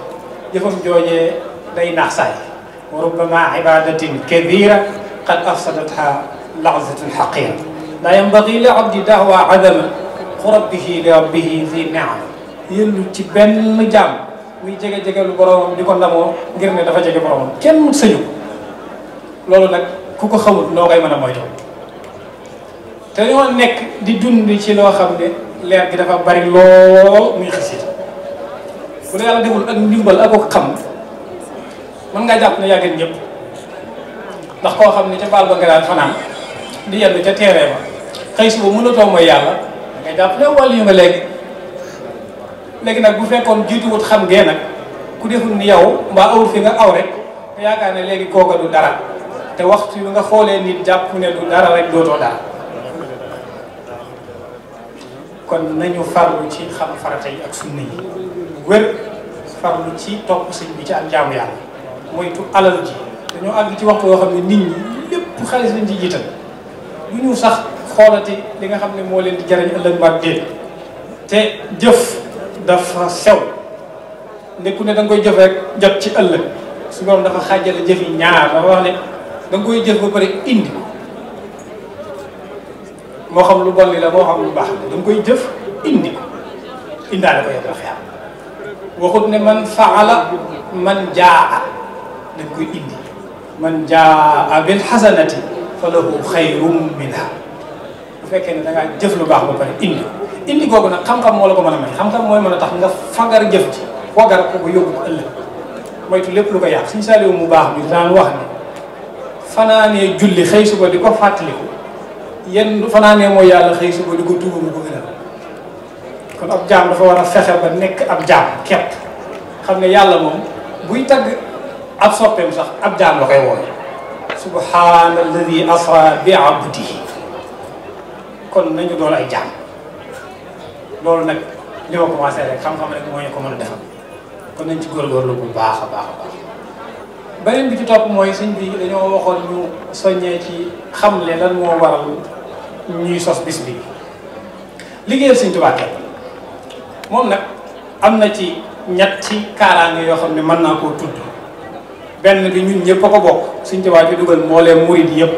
jëfam joojee day naax saay wa rubbama ibadatin kabira قد أفسدتها لغزة حقيرة لا ينبغي لعبد دعوى عدم قرب به لربه ذي النعم yëllu ci benn jaam muy jege-jege lu boromam di ko ndamoo ngir ne dafa jege boromam kenn sëñu loolu nag ku ko xamul noo koy mën a moytoo te ñoo nekk di dund ci loo xam ne leer gi dafa bari lool muy xasida bu la yàlla deful ak ndimbal ndax koo xam ne ca baal ba nga daan fanaan di yenn ca teeree ba xëy suba mënatoo mooy yàlla dangay jàpp ne wàll yu nga léegi léegi nag bu fekkoon jiituwut xam ngeen nag ku deful ni yow mbaa awul fi nga aw rek nga yaakaar ne léegi kooka du dara te waxtu nga xoolee nit jàpp ne du dara rek dootoo dara kon nañu farlu ci xam farata yi ak sunna yi wér farlu ci topp sëñ bi ci ak jaamu yàlla moytu alal ji dañoo àgg ci waxtu woo xam ne nit ñi lépp xaalis lañ ci jiital bu ñu sax xoolati li nga xam ne moo leen di jariñ ëllëg baat déet te jëf dafa sew nekku ne danga nga koy jëf rek jot ci ëllëg su dafa xaajale jëf yi ñaar wax ne da koy jëf ba pare indi moo xam lu bon li la moo xam lu baax la da koy jëf indi ko indaale ko waxut ne man faala man jaa dañ koy indi. man jaa bil xasanati fa lahu xayrun minha bu fekkee ne da ngaa jëf lu baax ba pare indi indi googu nag xam-xam moo la ko mën a may xam-xam mooy mën a tax nga fagar jëf ci fagar ko yóbbu ko ëllëg moytu lépp lu ko si sa saaliwu mu baax bi daan wax ne fanaanee julli xëy suba di ko fàttaliku yenn fanaanee mooy yàlla xëy suba di ko tuubu ko gënal kon ab jaam dafa war a fexe ba nekk ab jaam képp xam ne yàlla moom buy tagg ab soppeem sax ab jaam la koy wooye subhaana alladi asra bi abdihi kon nañu doon ay jaam loolu nag li ma commencé rek xam-xam rek moo ñu ko mën a defal kon nañ ci góorgóorlu bu baax baax baax beneen bi ci topp mooy sëñ bi dañoo waxoon ñu soññee ci xam le lan moo waral ñuy sos bis bi liggéeyal sëñ Tuubaa moom nag am na ci ñetti kaaraange yoo xam ne mën naa koo tudd benn bi ñun ñëpp a ko bokk suñ tubaa ci dugal mbooleem murid yëpp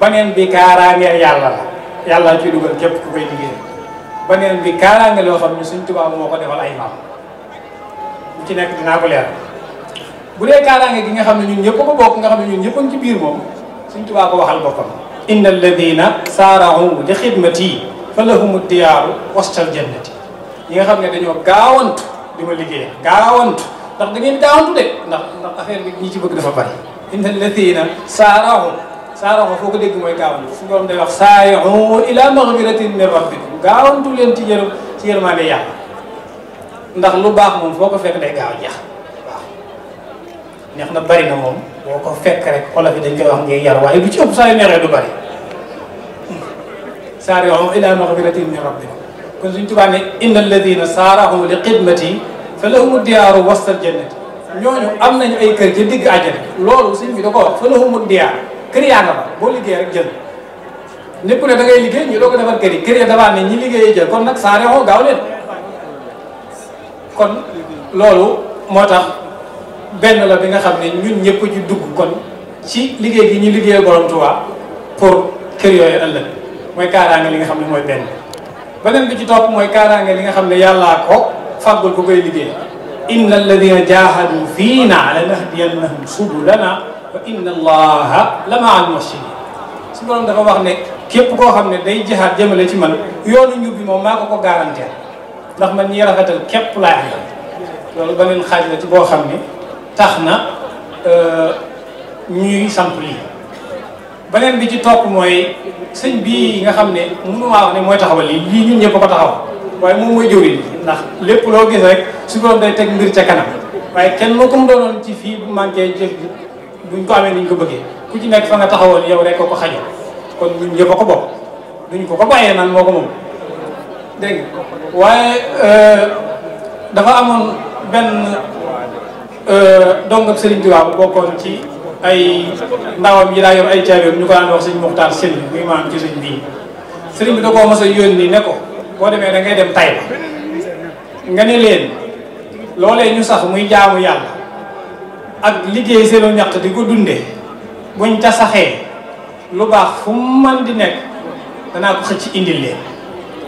baneen bi kaaraangeel yàlla la yàlla ci dugal képp ku koy liggéey baneen bi kaaraange loo xam ne suñ tubaa moo ko defal ay maam bu ci nekk dinaa ko leer bu dee kaaraange ki nga xam ne ñun ñëpp a ko bokk nga xam ne ñun ñëpp ci biir moom suñ tubaa ko waxal boppam inna alladina saarahu li xidmati fa lahumu diyaaru wastal jannati ñi nga xam ne dañoo gaawantu di ma liggéey ndax da ngeen gaawantu de ndax ndax affaire bi ñi ci bëgg dafa bari inna alladina saarahu saarahu foo ko dégg mooy gaawantu su borom day wax saarihu ila maghfiratin leen ci yërëm ci yërmaande ndax lu baax moom foo ko fekk day gaaw jeex neex na bari na moom boo ko fekk rek xolof yi dañ koy wax ngay yar waaye du ci ëpp saa yu neexee du bari saarihu ila maghfiratin min rabbikum kon suñ tubaab ne inna alladina saarahu li xidmati fa lahumu diyaaru wastal jannati ñooñu am nañu ay kër ca digg àjjana loolu sëñ bi da ko wax fa lahumu diyaar kër yaa nga fa boo liggéey rek jël ñépp ne da ngay liggéey ñu doo ko defar kër yi kër ya ñi liggéeyee jël kon nag saa reexoo loolu moo tax benn la bi nga xam ne ñun ñëpp ci dugg kon ci liggéey gi ñu liggéeyal borom Tuubaa pour kër yooyu ëllëg mooy kaaraange li nga xam ne mooy benn beneen bi ci topp mooy kaaraange li nga xam ne yàllaa ko fàggul ko koy liggéey inna alladina jahadu fiina lanahdiyannahum subulana wa inna allaha la ma al muhsinin su borom wax ne képp koo xam ne day jihaad jëmale ci man yoonu njub bi moom maa ko ko garanteel ndax man ñi rafetal képp laay àndal loolu beneen xaaj la ci boo xam ne tax na euh, ñuy samp lii beneen bi ci topp mooy sëñ bii nga xam ne mënu maa wax ne mooy taxawal lii lii ñun ñëpp ko taxaw waaye moom mooy jëwriñ ndax lépp loo gis rek su doon day teg mbir ca kanam waaye kenn moo ko mu doonoon ci fii bu manqué jëf buñ ko amee niñ ko bëggee ku ci nekk fa nga taxawoon yow rek ko ko xajo kon ñun ñëpp a ko duñ ko ko bàyyee naan moo ko moom euh, dafa amoon benn euh, dongab Serigne Touba bu bokkoon ci ay ndawam yi daa yor ay caabeem ñu ko daan wax sëñ Muxtaar Sëñ muy maam ci sëñ bii sëriñ bi da koo mos a yónni ne boo demee da ngay dem Taïba nga ne leen loolee ñu sax muy jaamu yàlla ak liggéey seenu ñaq di ko dundee buñ ca saxee lu baax fu mu mën di nekk danaa ko xëcc indil leen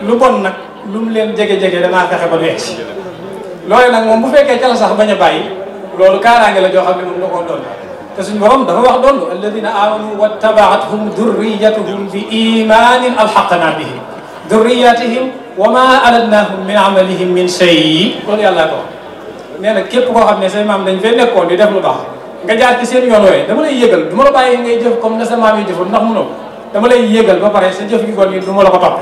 lu bon nag lu leen jege-jege danaa fexe ba du yegg loole nag moom bu fekkee ca la sax bañ a bàyyi loolu kaaraange la joo xam ne moom la ko doon te suñ borom dafa wax doon alladina amanu wattabaatuhum durriyatuhum bi imanin alxaqna bihim durriyatihim wa ma alatnahum min amalihim min shay loolu yàlla ko nee na képp koo xam ne say maam dañ fee nekkoon di def lu baax nga jaar ci seen yoon wooye dama lay yëgal du ma la bàyyi ngay jëf comme na sa maam yi jëfoon ndax munoo dama lay yëgal ba pare sa jëf gi kon yi du ma la ko topp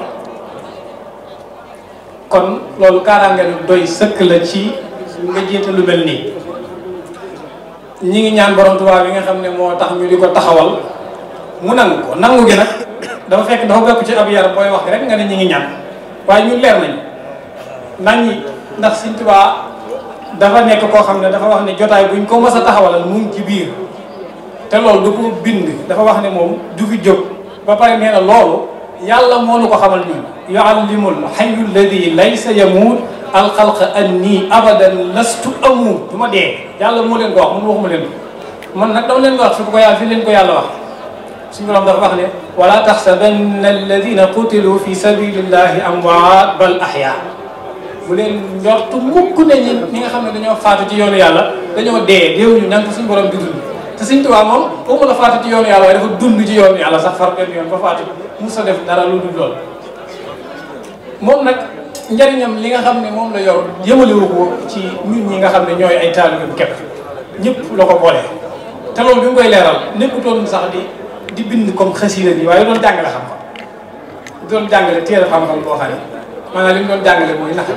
kon loolu kaaraange lu doy sëkk la ci nga jiite lu mel nii ñi ngi ñaan borom Tuubaa bi nga xam ne moo tax ñu di ko taxawal mu nangu ko nangu gi nag dafa fekk dafa bokk ci ab yar booy wax rek nga ne ñu ngi ñaan waaye ñun leer nañu naññi ndax Sëñ dafa nekk koo xam ne dafa wax ne jotaay buñ ko mës a taxawalal mu ci biir te lool du ko bind dafa wax ne moom du fi jóg ba pare nee na loolu yàlla moo nu ko xamal ñun yuallimul hayyu alladi laysa yamuut alxalqa anni abadan lastu amuut du ma dee yàlla moo leen ko wax man waxuma leen ko man nag dama leen ko wax su ko yàlla fi leen ko yàlla wax suñu borom dafa wax ne wala taxsabanna alladina qutilu fi sabilillahi amwaat bal ahyaa bu leen njortu ku ne ñi nga xam ne dañoo faatu ci yoonu yàlla dañoo dee déewuñu ñan ko suñu borom bi dund te suñ tubaa moom waxuma la faatu ci yoonu yàlla waaye dafa dund ci yoonu yàlla sax far benn yoon ba faatu mu sa def dara lu dul lool moom nag njariñam li nga xam ne moom la yor yëmalewu ko ci nit ñi nga xam ne ñooy ay taalibe képp ñëpp la ko boole te loolu bi di bind comme xasida yi waaye doon jàngale xam-xam doon jàngale téere xam boo xam ne maanaam li mu doon jàngale mooy nax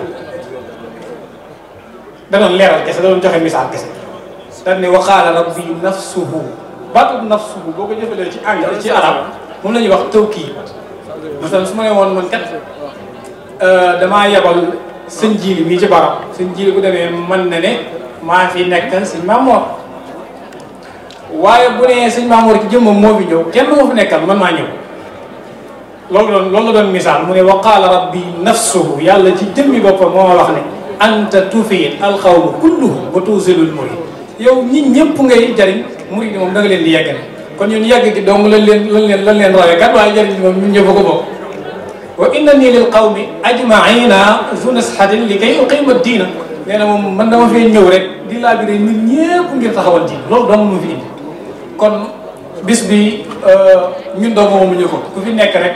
da doon joxe misaal kese dañ ne waxaala rabbi nafsuhu baatu nafsuhu boo ko ci anglais ci arab moom la ñuy wax tawkii su ma ne woon man kat euh, damaa yebal sëñ jiili mii ci barab sëñ jiili bu demee mën na ne maa fi nekk sëñ Maamoor waaye bu nee sëñ Mamour ci jëmmam moo fi ñëw kenn du ma fi nekkal man maa ñëw loolu doon loolu doon misaal mu ne wa qaala rabbi nafsuhu yàlla ci jëmmi boppam moo ma wax ne anta tufiit alxawma kulluhum ba tuusilul murid yow ñi ñëpp ngay jariñ murid moom da nga leen di yegg ne kon ñun yegg gi dong lan leen lan leen lan leen rawee kat waaye jariñ bi moom ñun ñëpp ko bokk wa innani lil qawmi ajmaina zu nashatin li kay uqima diina nee na moom man dama fee ñëw rek di laabire nit ñëpp ngir taxawal diin loolu dong ma fi indi kon bis bi euh, ñun dong moomuñu ko ku fi nekk rek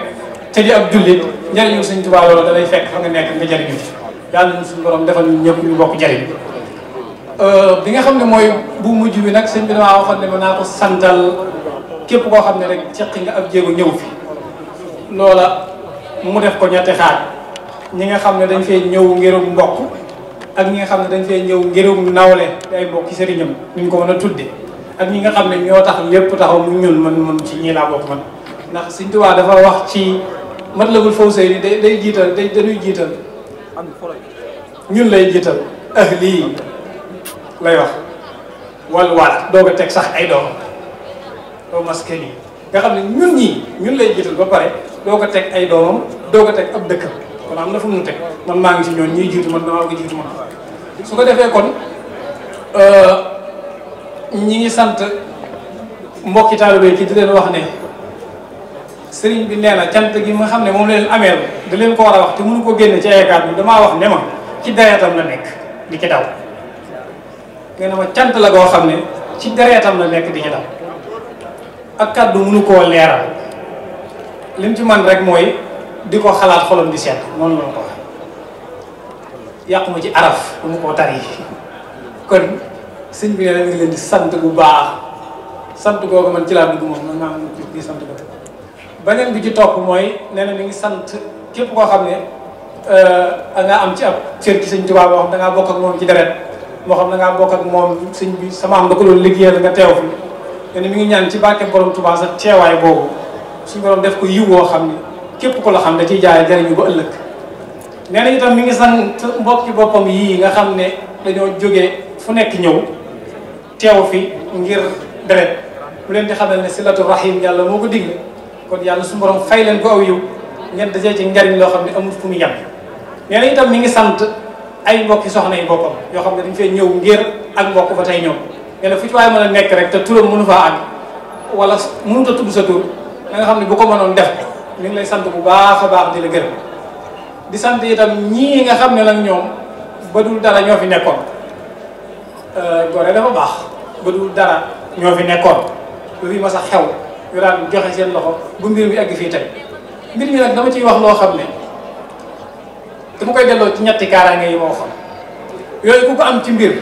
te di ab jullit njëriñu Sëñ Tuubaa loolu da lay fekk fa nga nekk nga jëriñu ci yàlla na suñu borom defal ñun ñëpp euh, bi nga xam ne mooy bu mujj bi nag sëñ bi damaa waxoon ne ma naa ko santal képp koo xam ne rek ceqi nga ab jéego ñëw fi loola mu def ko ñetti xaaj ñi nga xam ne dañ fee ñëw ngirum mbokk ak ñi nga xam ne dañ fee ñëw ngirum nawle ay mbokk ci sëriñam ñu ko mën a tudde ak ñi nga xam ne ñoo tax lépp taxaw mu ñun man man ci ñii laa bokk man ndax Sëñ Tuubaa dafa wax ci Matlabul Fawzayni day day jiital day dañuy jiital ñun lay jiital ahli lay wax wal waat teg sax ay doom doo maske nii nga xam ne ñun ñii ñun lay jiital ba pare doo ko teg ay doomam doo ko teg ab dëkkam kon am na fu mu teg man maa ngi ci ñoon ñuy jiitu man damaa ko jiitu man su ko defee kon euh, ñi ngi sant mbokki taalibe ki di leen wax ne sëriñ bi nee na cant gi nga xam ne moom leen amee da leen ko war a wax te munu ko génne ci ay kàddu damaa wax ne ma ci dereetam la nekk di ci daw nga ne ma cant la goo xam ne ci dereetam la nekk di ci daw ak kàddu mënu koo leeral lim ci man rek mooy di ko xalaat xolam di seet noonu la ko wax yàqu ma ci araf du mu koo tari kon sëñ bi nee na mi ngi leen di sant bu baax sant googu man ci laa dugg moom man maa ngi di sant ba beneen bi ci topp mooy nee na mi ngi sant képp koo xam ne euh, nga am ci ab cër ci sëñ Tuubaa boo xam da ngaa bokk ak moom ci deret moo xam da ngaa bokk ak moom sëñ bi sama am da ko doon liggéeyal nga teew fi nee na mi ngi ñaan ci barke borom Tuubaa sa teewaay boobu suñu borom def ko yiw woo xam ne képp ko la xam da ciy jaay jariñu ba ëllëg nee na itam mi ngi sant mbokk ci boppam yii nga xam ne dañoo jógee fu nekk ñëw teew fi ngir deret bu leen di xamal ne silatu rahim yàlla moo ko digle kon yàlla su borom fay leen ko aw yiw ngeen dajee ci njariñ loo xam ne amul fu mu yem nee na mi ngi sant ay mbokki soxna yi boppam yoo xam ne dañu fee ñëw ngir ak mbokk ba tey ñoom nee na fu ci a nekk rek te turam mënu faa àgg wala mënut a tudd sa tur da nga xam ne bu ko mënoon def mi lay sant bu baax a baax di la gërëm di sant itam ñii nga xam ne nag ñoom ba dul dara ñoo fi nekkoon euh, gore dafa baax ba dul dara ñoo fi nekkoon lu fi mas a xew ñu daan joxe seen loxo bu mbir mi egg fii tey mbir mi nag dama ciy wax loo xam ne mu koy delloo ci ñetti kaaraange yi moo xam yooyu ku ko am ci mbir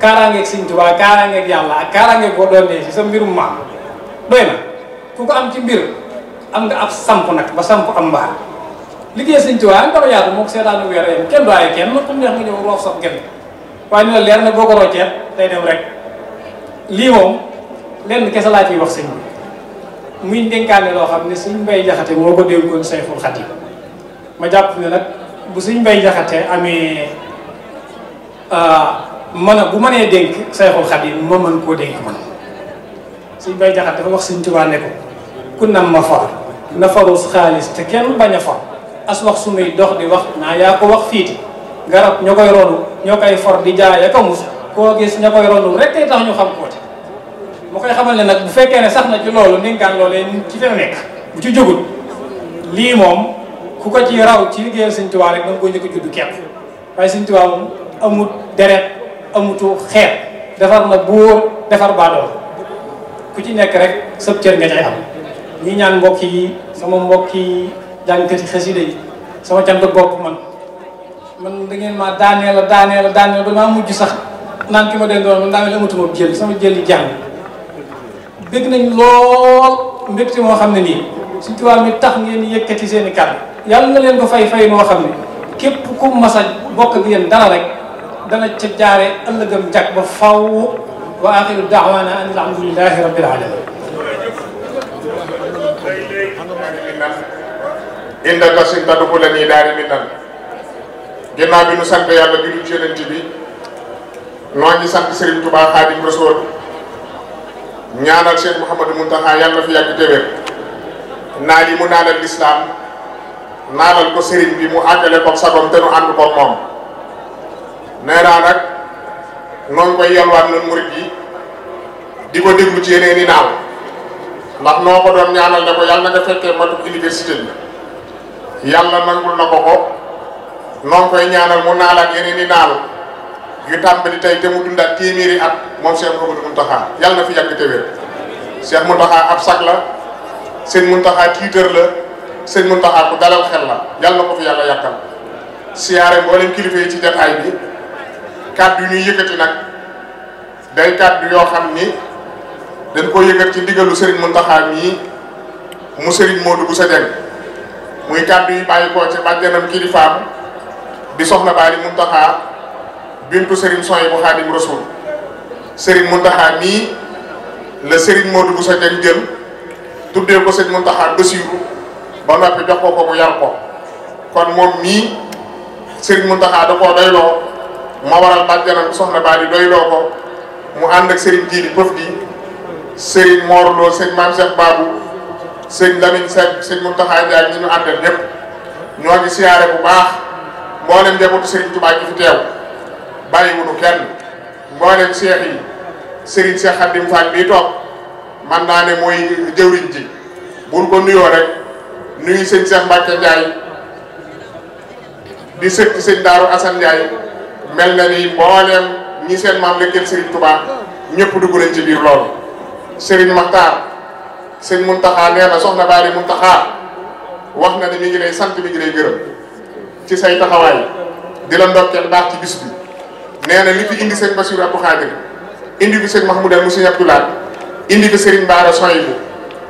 kaaraangeeg Sëñ Tuubaa kaaraangeeg yàlla ak kaaraangeeg koo doon ne si sa mbirum maam doy na ku ko am ci mbir am nga ab samp nag ba samp am mbaar liggéey Sëñ Tuubaa ak dama yaatu moo ko seetaanu weer kenn doy kenn moom tam neex nga ñëw roof sax genn waaye lii moom lenn kese laa ciy wax sëñ bi muy dénkaane loo xam ne suñ mbay jaxate moo ko dénkoon sayful xatim ma jàpp ne nag bu suñ bay jaxate amee euh, mën a bu manee dénk sayful yi ma mën koo dénk man suñ mbay jaxate dafa wax suñ tubaa ne ko ku nam ma for na farus xaalis te kenn bañ a for as wax su dox di wax naa yaa ko wax fiiti garab ñoo koy ronu ñoo koy for di jaay ak a mus koo gis ña koy ronu rek tax ñu xam koote moo koy xamal ne nag bu fekkee ne sax na ci loolu ndénkaan loolee ci dina nekk bu ci jógul lii moom ku ko ci raw ci liggéeyal Sëñ Tuubaa rek da nga ko njëkk a judd kepp waaye Sëñ Tuubaa moom amut deret amutu xeet defar na buur defar baadoor ku ci nekk rek sëb cër nga cay am ñi ñaan yi sama mbokk yi jàngkati xasida yi sama cant bopp man man da ngeen maa daaneel a daaneel a daaneel ba maa mujj sax naan ki ma den doon man daa mel amatuma jël sama jëli jàng bëgg nañ lool mbégte moo xam ne nii suñ tubaab mi tax ngeen yëkkati seen i kàddu yàlla na leen ko fay fay moo xam ne képp ku mas a bokk ak yéen rek dana ca jaare ëllëgam njàkk ba faw wa axiru daawaana an alhamdulilahi rabbil alamin inda ka sin dugu leen yi daari mi nan ginnaaw bi nu sant yàlla bi nu ci yonent bi noo ngi sant Serigne Touba Khadim Rasoul ñaanal Cheikh Mouhamadou Mountakha yàlla fi yàgg téwéer naal yi mu naanal lislaam naanal ko sëriñ bi mu àggale ko sagom te nu ànd ko moom nee naa nag noonu koy yalwaan nun murit yi di ko déglu ci yeneen i naaw ndax noo ko doon ñaanal ne ko yàlla nga fekkee matuk université bi yàlla nangul na ko ko noonu ñaanal mu naal ak yeneen i naaw yu tàmbali tey te mu dundaat téeméeri at moom Cheikh Mouhamadou Mountakha yàlla na fi yàgg te wér Cheikh Mountakha ab sag la sëñ Mountakha tiitar la sëñ Mountakha ku dalal xel la yàlla na ko fi yàlla yàkkal siyaare mboolem kilifa yi ci jataay bi kàddu yu ñuy yëkkati nag day kàddu yoo xam ni dañ koo yëkkat ci ndigalu Serigne Mountakha mii mu Serigne Modou bu sa dem muy kàddu yi bàyyi koo ci bàjjanam kilifaam di soxna Bally Mountakha bintu Serigne Soy bu Xaadim Rasul Serigne Mountakha mii la Serigne Modou Bousso Dieng jël tuddee ko Serigne Mountakha Bassirou ba noppi jox ko ko mu yar ko kon moom mii Serigne Mountakha da koo doyloo moo waral bàjjanam soxna Ba di doyloo ko mu ànd ak Serigne Djili Pof di Serigne Mor Lo Serigne Mame Cheikh Babou Serigne Lamine Seck Serigne Mountakha Ndiaye ñi ñu àndal ñëpp ñoo ngi siyaare bu baax mboolem njabootu Serigne Touba ci fi teew. bàyyiwunu kenn mboolem seex yi Serigne Cheikh Khadim Fall toog man naa ne mooy jëwriñ ji buñ ko nuyoo rek nuyu sëñ Cheikh Mbacke Ndiaye di sëkk sëñ Daaru Assane Ndiaye mel na ni mboolem ñi seen maam la kenn Serigne Touba ñëpp dugg nañ ci biir loolu Serigne Makhtar sëñ Mountakha nee na soxna Bally Mountakha wax na ne mi ngi lay sant mi ngi lay gërëm ci say taxawaay di la ndokkeel baax ci bis nee na li fi indi sëñ Bassirou Abdou Khadir indi fi sëñ Mahmoudane mu sëñ Abdou Lahad indi fi Serigne Bara Soyibu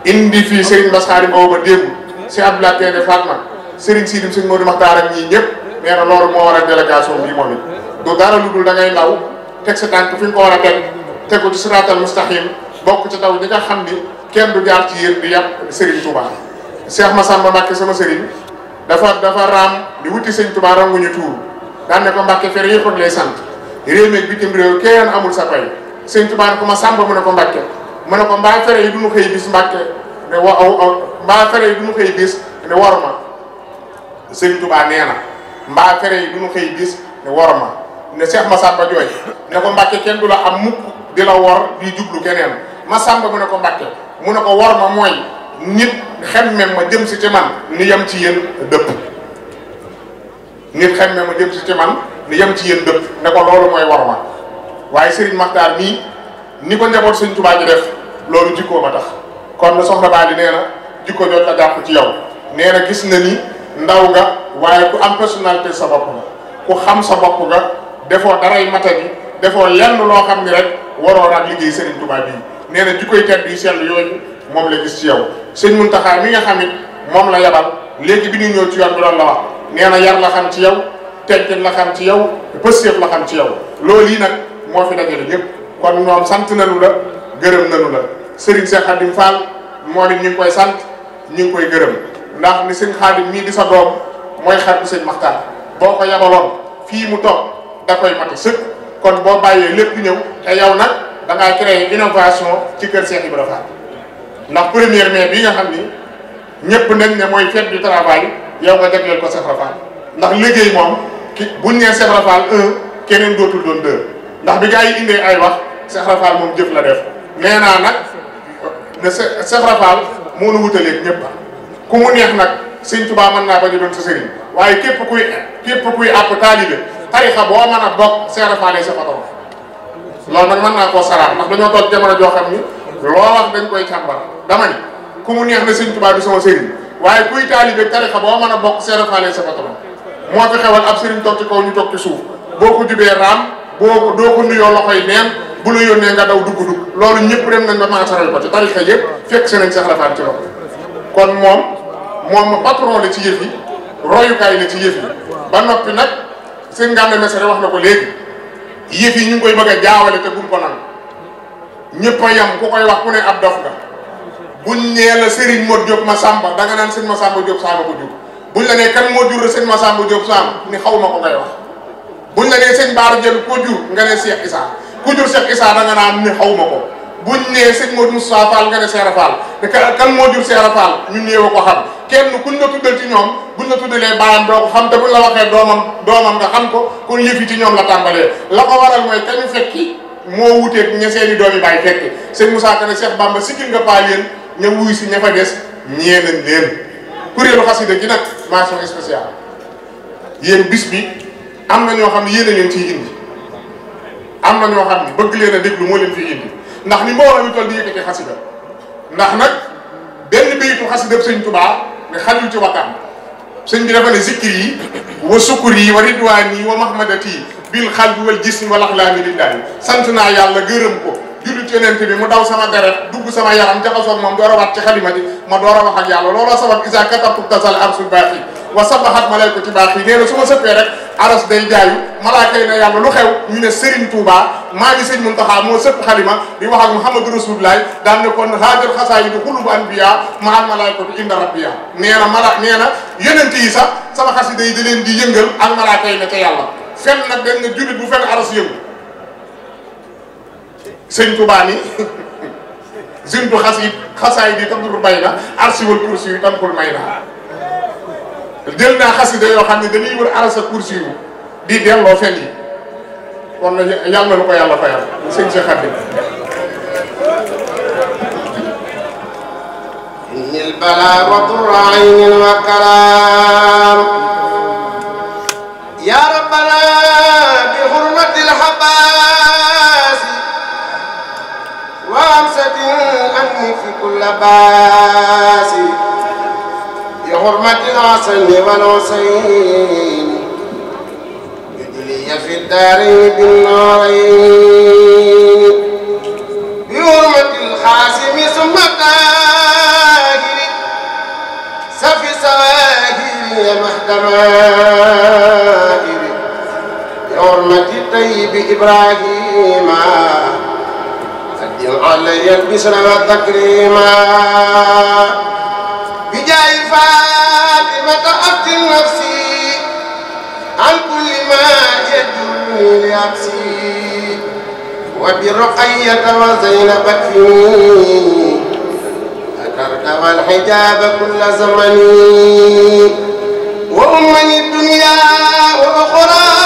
indi fi Serigne Bass Khadim Awa Ba démb si Abdou Lahad Pende Fatma Serigne Sidim sëñ Modou Makhtar ak ñii ñëpp nee loolu moo waral délégation bii moom it. du dara lu dul da ngay law teg sa tànk fi nga ko war a teg teg ko ci siraatal bokk ci taw ñi nga xam ni kenn du jaar ci yéen di yàpp Serigne Touba. Cheikh Massamba Mbacke sama Serigne dafa dafa raam di wuti sëñ Touba ranguñu tuur daan ne ko Mbacke yëpp lay sant. réew meeg bitim réew amul sa pay sëñ Tuubaa ne ko ma sàmba mu ne ko mbàkke mu ne ko mbaa fere yi du ñu xëy bis mbàkke ne yi du ma sëñ Tuubaa nee ma ne Seex Masamba jooy ne ko mbàkke kenn du la am mukk di la wor di jublu keneen Masamba mu ne ko mbàkke mu ne ko war ma mooy nit xemmem ma jëm si ci man ni yem ci yéen dëpp nit xemmem ma jëm si ci ne yem ci yéen dëpp ne ko loolu mooy war ma waaye sëriñ Makhtar mii ni ko njaboot Sëriñ Tuubaa ji def loolu jikkoo ma tax kon na soxna di nee na jikko jot la jàpp ci yow nee na gis na ni ndaw nga waaye ku am personnalité sa bopp nga ku xam sa bopp nga defoo daray mata bi defoo lenn loo xam ni rek waroon ak liggéey Serigne Touba bii nee na jikkoy tedd yu sell yooyu moom la gis ci yow sëñ Muntaxa mi nga xam it moom la yabal léegi bi ñu ñëw ci yoon bi doon la wax nee na yar la xam ci yow teggin la xam ci yow pëstéef la xam ci yow loolu yi nag moo fi dajale ñëpp kon moom sant nañu la gërëm nañu la Serigne Cheikh Khadim Fall moo it ñu ngi koy sant ñu ngi koy gërëm ndax ni sëñ Khadim mii di sa doom mooy xaritu sëñ Maxtaar boo ko yabaloon fii mu toog da koy mate sëkk kon boo bàyyee lépp ñëw te yow nag da ngaa créer innovation ci kër Cheikh Ibrahima Fall ndax première mai bi nga xam ni ñëpp nañ ne mooy fête du travail yow nga jagleel ko Cheikh Fall ndax liggéey moom ki buñ nee Cheikh Rafal un keneen dootul doon deux ndax bi gaa yi indee ay wax Cheikh Rafal moom jëf la def nee naa nag ne Cheikh Rafal moo nu wutaleeg ñëpp ku mu neex nag sëñ Tuubaa mën naa bañ a doon sa sëriñ waaye képp kuy képp kuy àpp taalibe tarixa boo mën a bokk Cheikh Rafal ay sa patron loolu nag mën naa koo saraax ndax dañoo toog jamono joo xam ni loo wax dañ koy càmbar dama ni ku mu neex ne sëñ Tuubaa du sama sëriñ waaye kuy taalibe tarixa boo mën a bokk Cheikh Rafal ay sa patron moo fi xewal ab sëriñ toog ci kaw ñu toog ci suuf boo ko jubee raam boo ko doo ko nuyoo loxoy neen bu la yónnee nga daw dugg dugg loolu ñëpp dem nañ ba maasaral ko ci tarixa yëpp fekk si nañ Seex Rafaan ci loxo kon moom moom patron la ci yëf yi royukaay la ci yëf yi ba noppi nag sëñ Gàmbi Mesere wax na ko léegi yëf yi ñu ngi koy bëgg a jaawale te buñ ko nangu ñëpp a yem ku koy wax ku ne ab dof nga buñ nee la Serigne Modou Diop Massamba danga naan sëñ Massamba Diop Samba ko Diop. buñ la nee kan moo jur sëñ Massamba Diop Samb ni xaw ma ko ngay wax buñ la nee sëñ Baara Diop koo jur nga ne Cheikh Issa ku jur Cheikh Issa da nga naan ni xaw ma ko buñ nee sëñ Modou Moussa Fall nga ne Seera Fall te kan moo jur Seera Fall ñu néew ko xam kenn kuñ la ci ñoom buñ la tuddalee baayam doo la waxee doomam doomam nga xam ko kon yëf yi la ko waral mooy kañu moo wuteeg ña seeni doom yi bàyyi fekki sëñ Moussa nga paa yéen ña wuy si ña fa des ñeenañ leen kuréelu xasida gi nag mention spéciale yéen bis bi am na ñoo xam ne yéen a leen ciy indi am na ñoo xam ni bëgg leen a déglu moo leen ciy indi ndax ni mbooloo mi toll di yëkkati xasida ndax nag benn béytu xasida sëñ Tuubaa ne xajul ci wakkaan sëñ bi dafa ne zikir yi wa sukkur yi wa ridwaan yi wa mahmadati bil bi wal jismi wal axlaami lillahi sant naa yàlla gërëm ko jullit yonent bi mu daw sama deret dugg sama yaram jaxasoog moom door a waat ci xalima ji ma door a wax looloo sabab isa katabtu tasal arsul baax wa sabahat malaykatu baax yi nee na ma sëppee rek aras day jaayu malaaka yi lu xew ñu ne Serigne Touba maa ngi sëñ Muntaxa moo sëpp xalima di wax ak Muhammadu Rasulullah daan ne kon haajal xasaayidu sama xasida yi di leen di yëngal ak malaaka yi ne ca yàlla fenn nag benn jullit bu fenn aras sëñ Tuubaa ni zintu xas it xasaay di tandur bay na arsiwal kursi yu tankul may na jël naa xasida yoo xam ne dañuy wër arasa kursi yu di delloo fen yi kon na yàlla lu ko yàlla fayal sëñ si xaddi إن البلاء وطر عين وكرام يا ربنا بحرمة الحباس اللباس بحرمة الحسن والحسين يدلي في الدارين بالنارين بحرمة الخاسم ثم الطاهر سفي سواهر يا محتمائر بحرمة الطيب إبراهيم يو علي البشر والتكريم بجاي فاطمة أبت نفسي عن كل ما يدل لأكسي وبرقية وزينب اكفني أتركب الحجاب كل زمن وأمني الدنيا وأخرى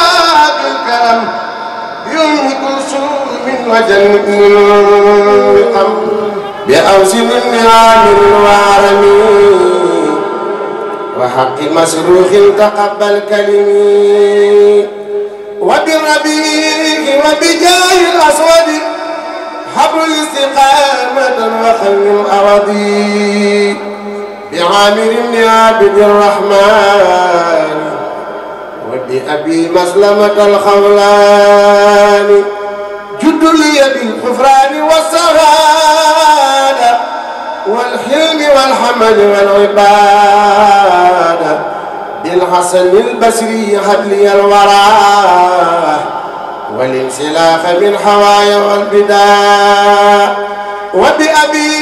وجنبني الأمر بأوزن النعام وعرمي وحق مسروخ تقبل كلمي وبربيك وبجاه الأسود حبل الاستقامة وخل أرضي بعامر بن عابد الرحمن وبأبي مسلمة الخولاني لي بالغفران والسعادة والحلم والحمد والعبادة بالحسن البصري هب لي الورى والانسلاخ من حوايا والبداء وبأبي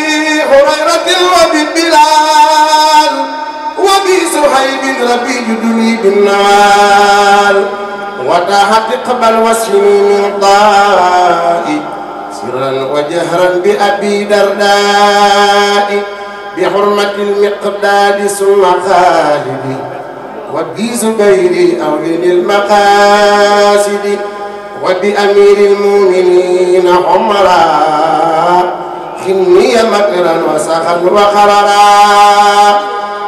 هريرة وببلال وبسهيب ربي جدني بالنوال وتحقق بالوسيم من طائي سرا وجهرا بأبي درداء بحرمة المقداد ثم خالد وبي زبير أو للمقاصد وبأمير المؤمنين عمرا خني مكرا وسخا وقررا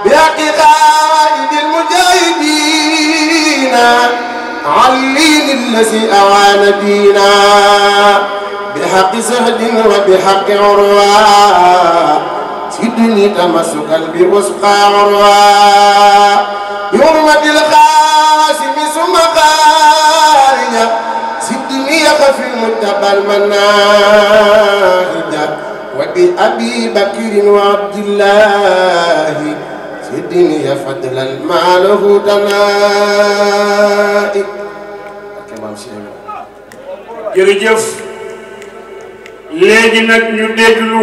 بحق قائد المجاهدين علي للذي أعان بينا بحق زهد وبحق عروة سدني تمسكا بوسقى عروة يرمى بالقاسم ثم خارجا سدني يخف المتبى المناهجا وبأبي بكر وعبد الله في الدنيا فضلا ما له دناء jërëjëf léegi nag ñu déglu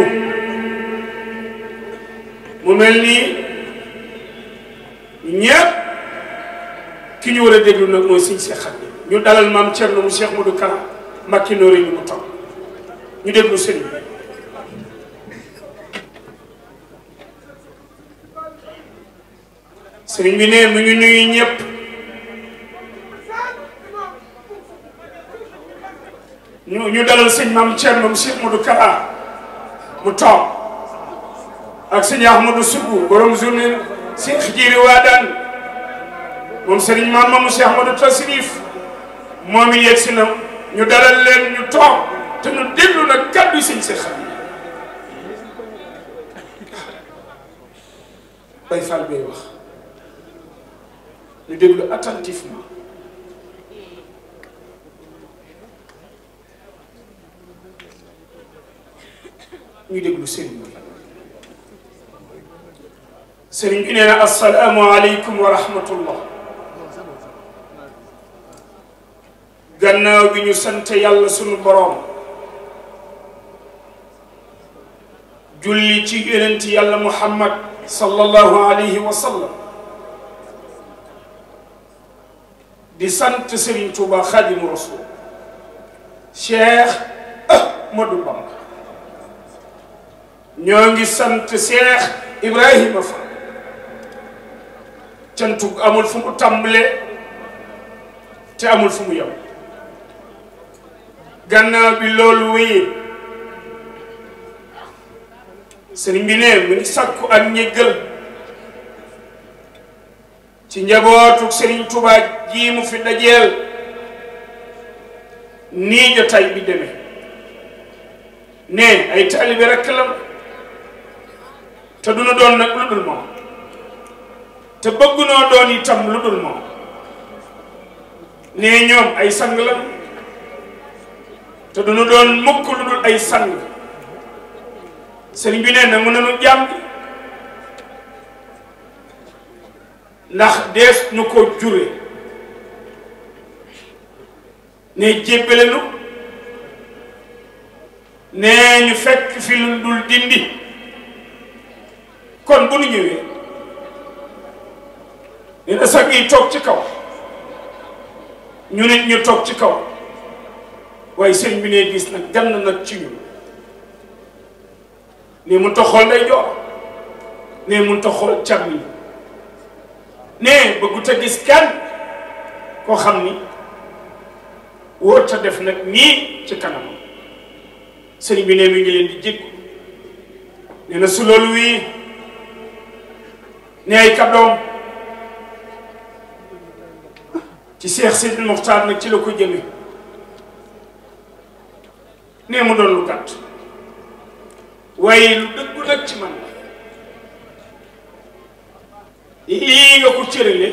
mu mel ni ñépp ki ñu war a déglu nag mooy suñ Seex Xaadim ñu dalal maam Cerno mu Seex Mudu Kara Mbàkke Noreyni mu toog ñu déglu sëriñ sëriñ bi ne mu ngi nuyu ñëpp ñu ñu dalal sëñ maam Thierno mu Cheikh Modou Kara mu toog ak sëñ Ahmadou Sougou borom journée Cheikh Jiri Wadane moom sëriñ maam moomu Cheikh Modou Tassirif moom it yegg si na ñu dalal leen ñu toog te ñu déglu nag kàddu yi sëñ Cheikh Bay Fall ñu déglu attentivement ñu déglu sëriñ bi sëriñ bi nee na asalaamu aleykum wa rahmatullah gannaaw bi ñu sant yàlla sunu boroom julli ci yonent yàlla muhammad sallallahu alayhi wa sallam di sant Serigne Touba Khadimu Rasul Cheikh Ahmadou Bamba ñoo ngi sant Cheikh Ibrahima Fall cantu amul fu mu tàmbalee te amul fu mu yem gannaaw bi loolu wéyee sëriñ bi ne mu ngi sàkku ak ñëggal ci njabootu Sëriñ Tuubaa ji mu fi dajeel nii jotaay bi demee ne ay taalibe rekk la te du nu doon nag lu dul moom te bëgg noo doon itam lu dul moom ne ñoom ay sang la te du nu doon mukk lu dul ay sang sëriñ bi nee na mën nañu jàmm ndax dees nu ko jure ne jébbalenu nee ñu fekk fi lu dul dindi kon bu nu ñëwee ne na sag yi toog ci kaw ñu nit ñu toog ci kaw waaye sëñ bi ne gis nag gann nag ci ñun ne mun ta xool day jox ne mun ta xool càmmiñ ne bëggut a gis kenn koo xam ni woo ta def nag nii ci kanam sëriñ bi ne mi ngi leen di jikku nee na su wii ne ay kaddoom ci Seex Sidil Muxtaar nag ci la ko jëme ne mu doon lu gàtt waaye lu dëggu nag ci man lii nga ko cërale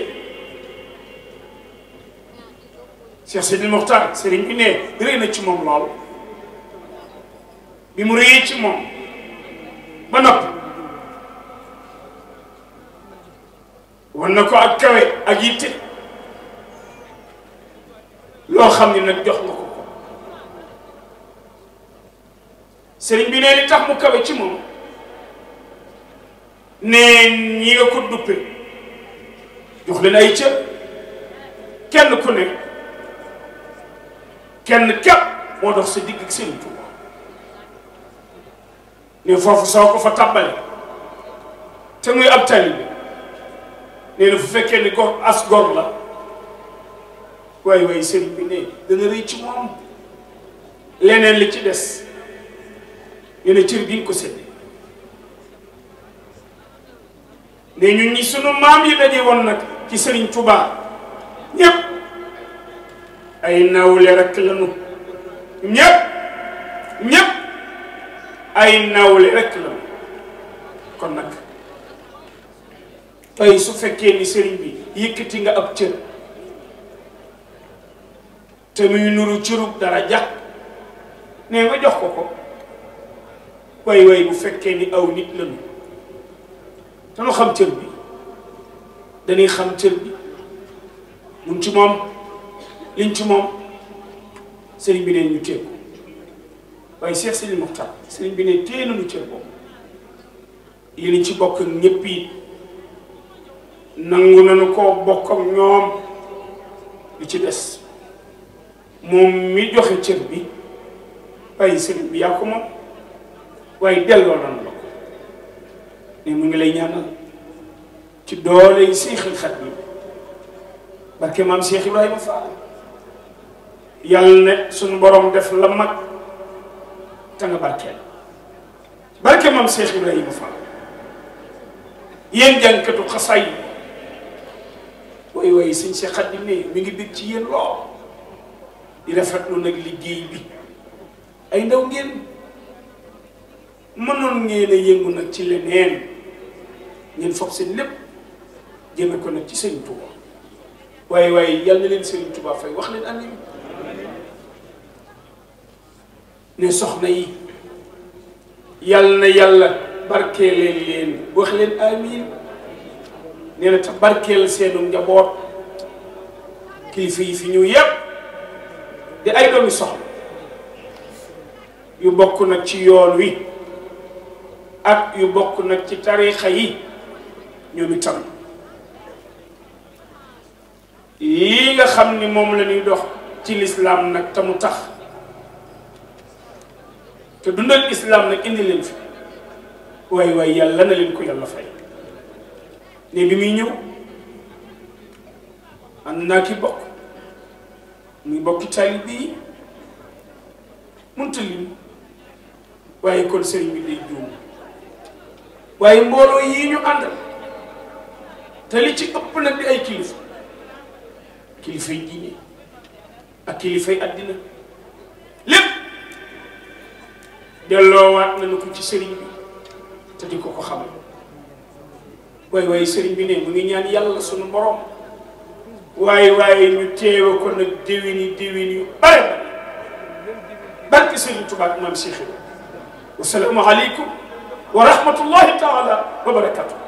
Cheikh Sidil Mokhtar sëriñ bi ne rëy na ci moom lool bi mu rëyee ci moom ba nopp wan na ko ak kawe ak yitte loo xam ne nag jox nga ko sëriñ bi ne li tax mu kawe ci moom ne ñi nga ko duppe jox leen ay cër kenn ku nekk kenn képp moo dox sa digg ak Sëriñ Tuuba ne foofu soo ko fa tàmbale te muy ab taalibe nee na fu fekkee ni gor as gor la waaye waaye sëriñ bi ne dana rëy ci moom leneen li ci des nee na cër bi nga ko sedde ne ñu ñi sunu maam yi daje woon nag ci sëriñ Touba ñëpp ay nawle rek lañu ñëpp ñëpp ay nawle rek lañu kon nag tey su fekkee ni sëriñ bi yëkkati nga ab cër te muy nuru cërub dara jàpp ne nga jox ko ko way way bu fekkee ni aw nit lañu te lu xam cër bi dañuy xam cër bi mun ci moom liñ ci moom sëriñ bi ne ñu téye ko waaye Cheikh Sidi Mokhtar sëriñ bi ne téye nañu cër boobu yéen ci bokk ñëpp nangu nañu koo bokk ak ñoom li ci des moom mi joxe cër bi waaye sëriñ bi yaa moom waaye delloo nañu la mu ngi lay ñaanal. ci doole yi Seexul Xadiim barke maam Cheikh Ibrahima Fall yàlla ne suñu borom def la mag te nga barkeel barke maam Cheikh Ibrahima Fall yéen jànkatu xasaay way way suñ Cheikh Xadiim ne mi ngi bég ci yéen lool di rafetlu nag liggéey bi ay ndaw ngeen mënoon ngeen yëngu nag ci leneen ngeen foog seen lépp. jëme ko nag ci sëriñ Touba waaye waaye yal na leen sëriñ Touba fay wax leen amin ne soxna yi yal na yàlla barkeeleen leen wax leen amin ne na te barkeel seenu njaboot kilifa yi fi ñëw yépp di ay doomi soxna yu bokk nag ci yoon wi ak yu bokk nag ci tariixa yi ñoom itam yii nga xam ni moom lañuy ñuy dox ci lislaam nag te mu tax te dundal islaam nag indi leen fi waay waay yàlla na leen ko yàlla fay ne bi muy ñëw ànd naa ki bokk muy bokki taalib bi munta lim waaye kon sëriñ bi day juum waaye mbooloo yii ñu àndal te li ci ëpp nag di ay kilifa kilifay diine ak kilifay àddina lépp delloowaat nañu ko ci sëriñ bi te di ko ko xam waaye waaye sëriñ bi ne mu ngi ñaan yàlla sunu borom waaye waaye ñu teewe ko nag déwéni déwén yu bare barke sëriñ Tuubaa ak maam Cheikh wasalaamu aleykum wa rahmatullahi taala wa barakatuh